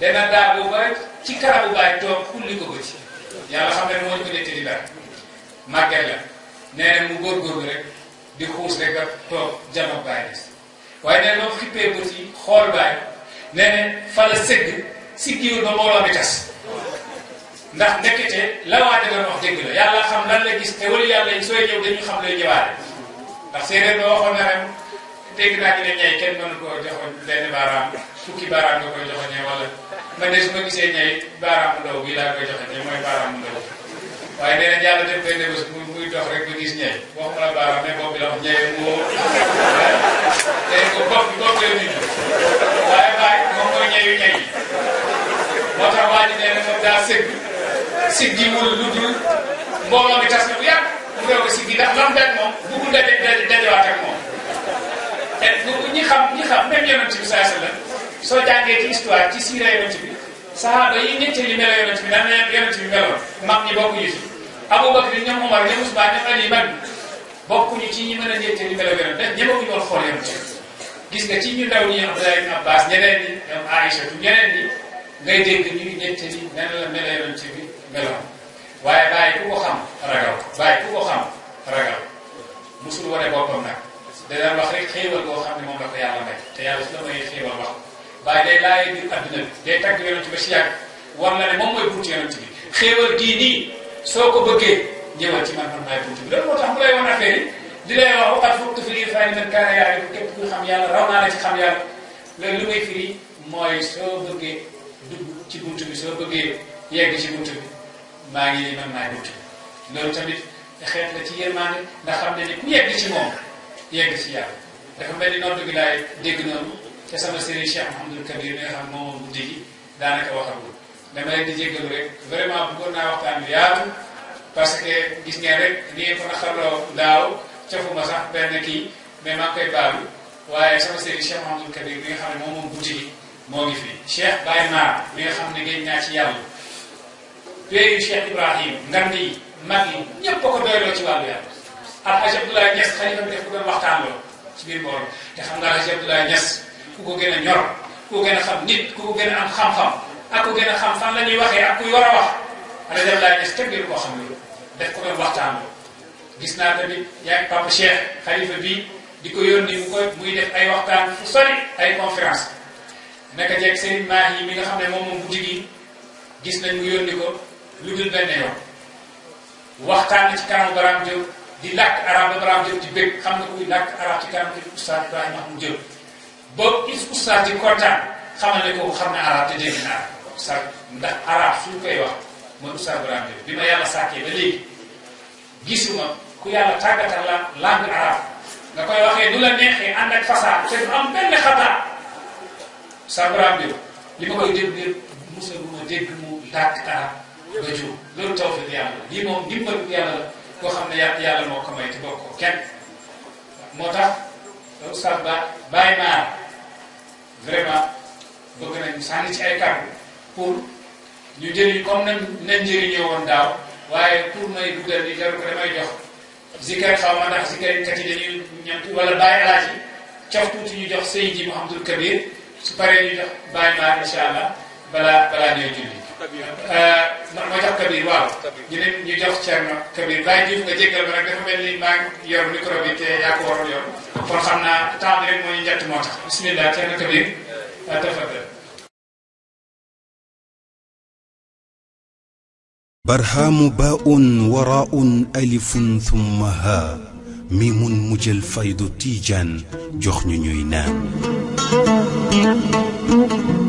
dana daagu ba ci karabu baay toog kulli ko ko ci yàlla xam ne moo ñu ko dettali dara màgget la nee na mu góorgóorlu rek di xuus rek ak toog jama baay des waaye nee na xippee bët yi xool baay ne na fa la sëgg si kiiwul ba mbooloo mi tas ndax ndekete la waaje doon wax dëgg la yàlla xam lan la gis te wala yàlla sooy ñëw dañu xam lay ñëwaale ndax séeréer ba waxoon na rek dégg naa ñu ne kenn mënu koo joxoon benn baaraam fukki baaraam nga koy joxoñee wala man de su ma gisee ñay baaraamu bi laa koy joxoñee mooy baaraamu ndaw waaye nee na yàlla def benn bés bu muy dox rek nga gis ñay waxuma la baaraam bi la wax ñay moo léegi ko bopp bi bopp leen nit waaye baay moom mooy ñayu ñay moo tax waa ji nee siggi wul lu dul mbooloo bi tas na bu yàgg mu doog a siggi ndax lam daj moom bugul daje dajewaat ak ñi xam ñi xam même yonent bi saa sallam soo jàngee ci histoire ci siira yonent bi sahaaba yi ñetti li melo yonent bi daan nañ yonent bi meloon mag ñi ci Abubakar ñoom Omar ñoom Usmaan ñoom Ali man bokkuñu ci ñi mën a ñetti li melo yonent bi nga ci ñu ndaw ñi bi meloon waaye bàyyi ku ko xam ragal bàyyi ku ko xam ragal musul wane boppam nag danaa wax rek xéewal boo xam ne moom wax na ne moom mooy buntu yonent soo ko bëggee ñëwal ci man man maay buntu bi loolu moo tax ci xam yàlla loolu ci buntu bi soo bëggee yegg ci buntu bi tamit xeet la ci yërmaande ndax xam ne ni ku yegg ci moom yegg ci yàlla dafa mel ni nodd bi laay dégg noonu te sama sëriñ Cheikh Mouhamadul Kabir nga xam moom guddi gi daanaka waxagul dama di jéggalu rek vraiment bëggoon naa waxtaan bi yaatu parce que gis ngeen rek nii nga xam ne moom moom guddi gi moo ngi fi Cheikh Baye Mar mi nga xam ne ngeen ñaa ci yàlla péeyu Cheikh Ibrahim ngan mag yi ko doyloo ci wàllu yàlla ak Hadj Abdoulaye Niass xalifa bi def ko doon waxtaan loolu ci biir mbooloo te xam nga Hadj Abdoulaye Niass ku ko gën a ñor ku ko gën a xam nit ku ko gën a am xam-xam ak ku gën a xam fan la ñuy waxee ak kuy war a wax Hadj Abdoulaye Niass kenn gënu koo xam loolu def ko doon waxtaan loolu gis naa tamit yaa ngi Papa Cheikh xalifa bi di ko yónni mu koy muy def ay waxtaan fu sori ay conférence naka jeeg Serigne Mahi yi mi nga xam ne moom moom guddi gi gis nañ mu yónni ko lu dul benn di làkk arab ba balaa jël ci bëgg xam nga kuy làkk arab ci kanam kër oustaz Ibrahima mu jël ba is oustaz di kontaan xamal ne kooku xam na arab te dégg na arab ndax arab suñu koy ma yàlla ma koy dégg lépp musa bu ma dégg mu ba jur loolu tawfiq yàlla lii moom dimbalu yàlla la koo xam ne yàlla yàlla moo ko may te bokk ko kenn moo tax oustaz ba bàyyi naa vraiment bëgg nañ sànni ci ay kàddu pour ñu comme nañ nañ njëriñoo woon daaw waaye pour may dugal ni jaru ko damay jox zikar xaw ma ndax zikar kat yi dañuy ñemt wala bàyyi alaaj yi cof tuuti ñu jox sëy ji Mouhamadul Kabir su paree ñu jox bàyyi ma jox Kabir waaw ñu ne ñu jox Thierno Kabir Baye Diouf nga jéggal ma nag dafa mel ni maa ngi yor micro bi te yaa ko waroon yor kon xam naa temps bi rek moo ñu njëtt moo tax bismillah Thierno Kabir tafadal برهام باء وراء ألف ثم ها ميم مجل فيض تيجان جخن نيوينان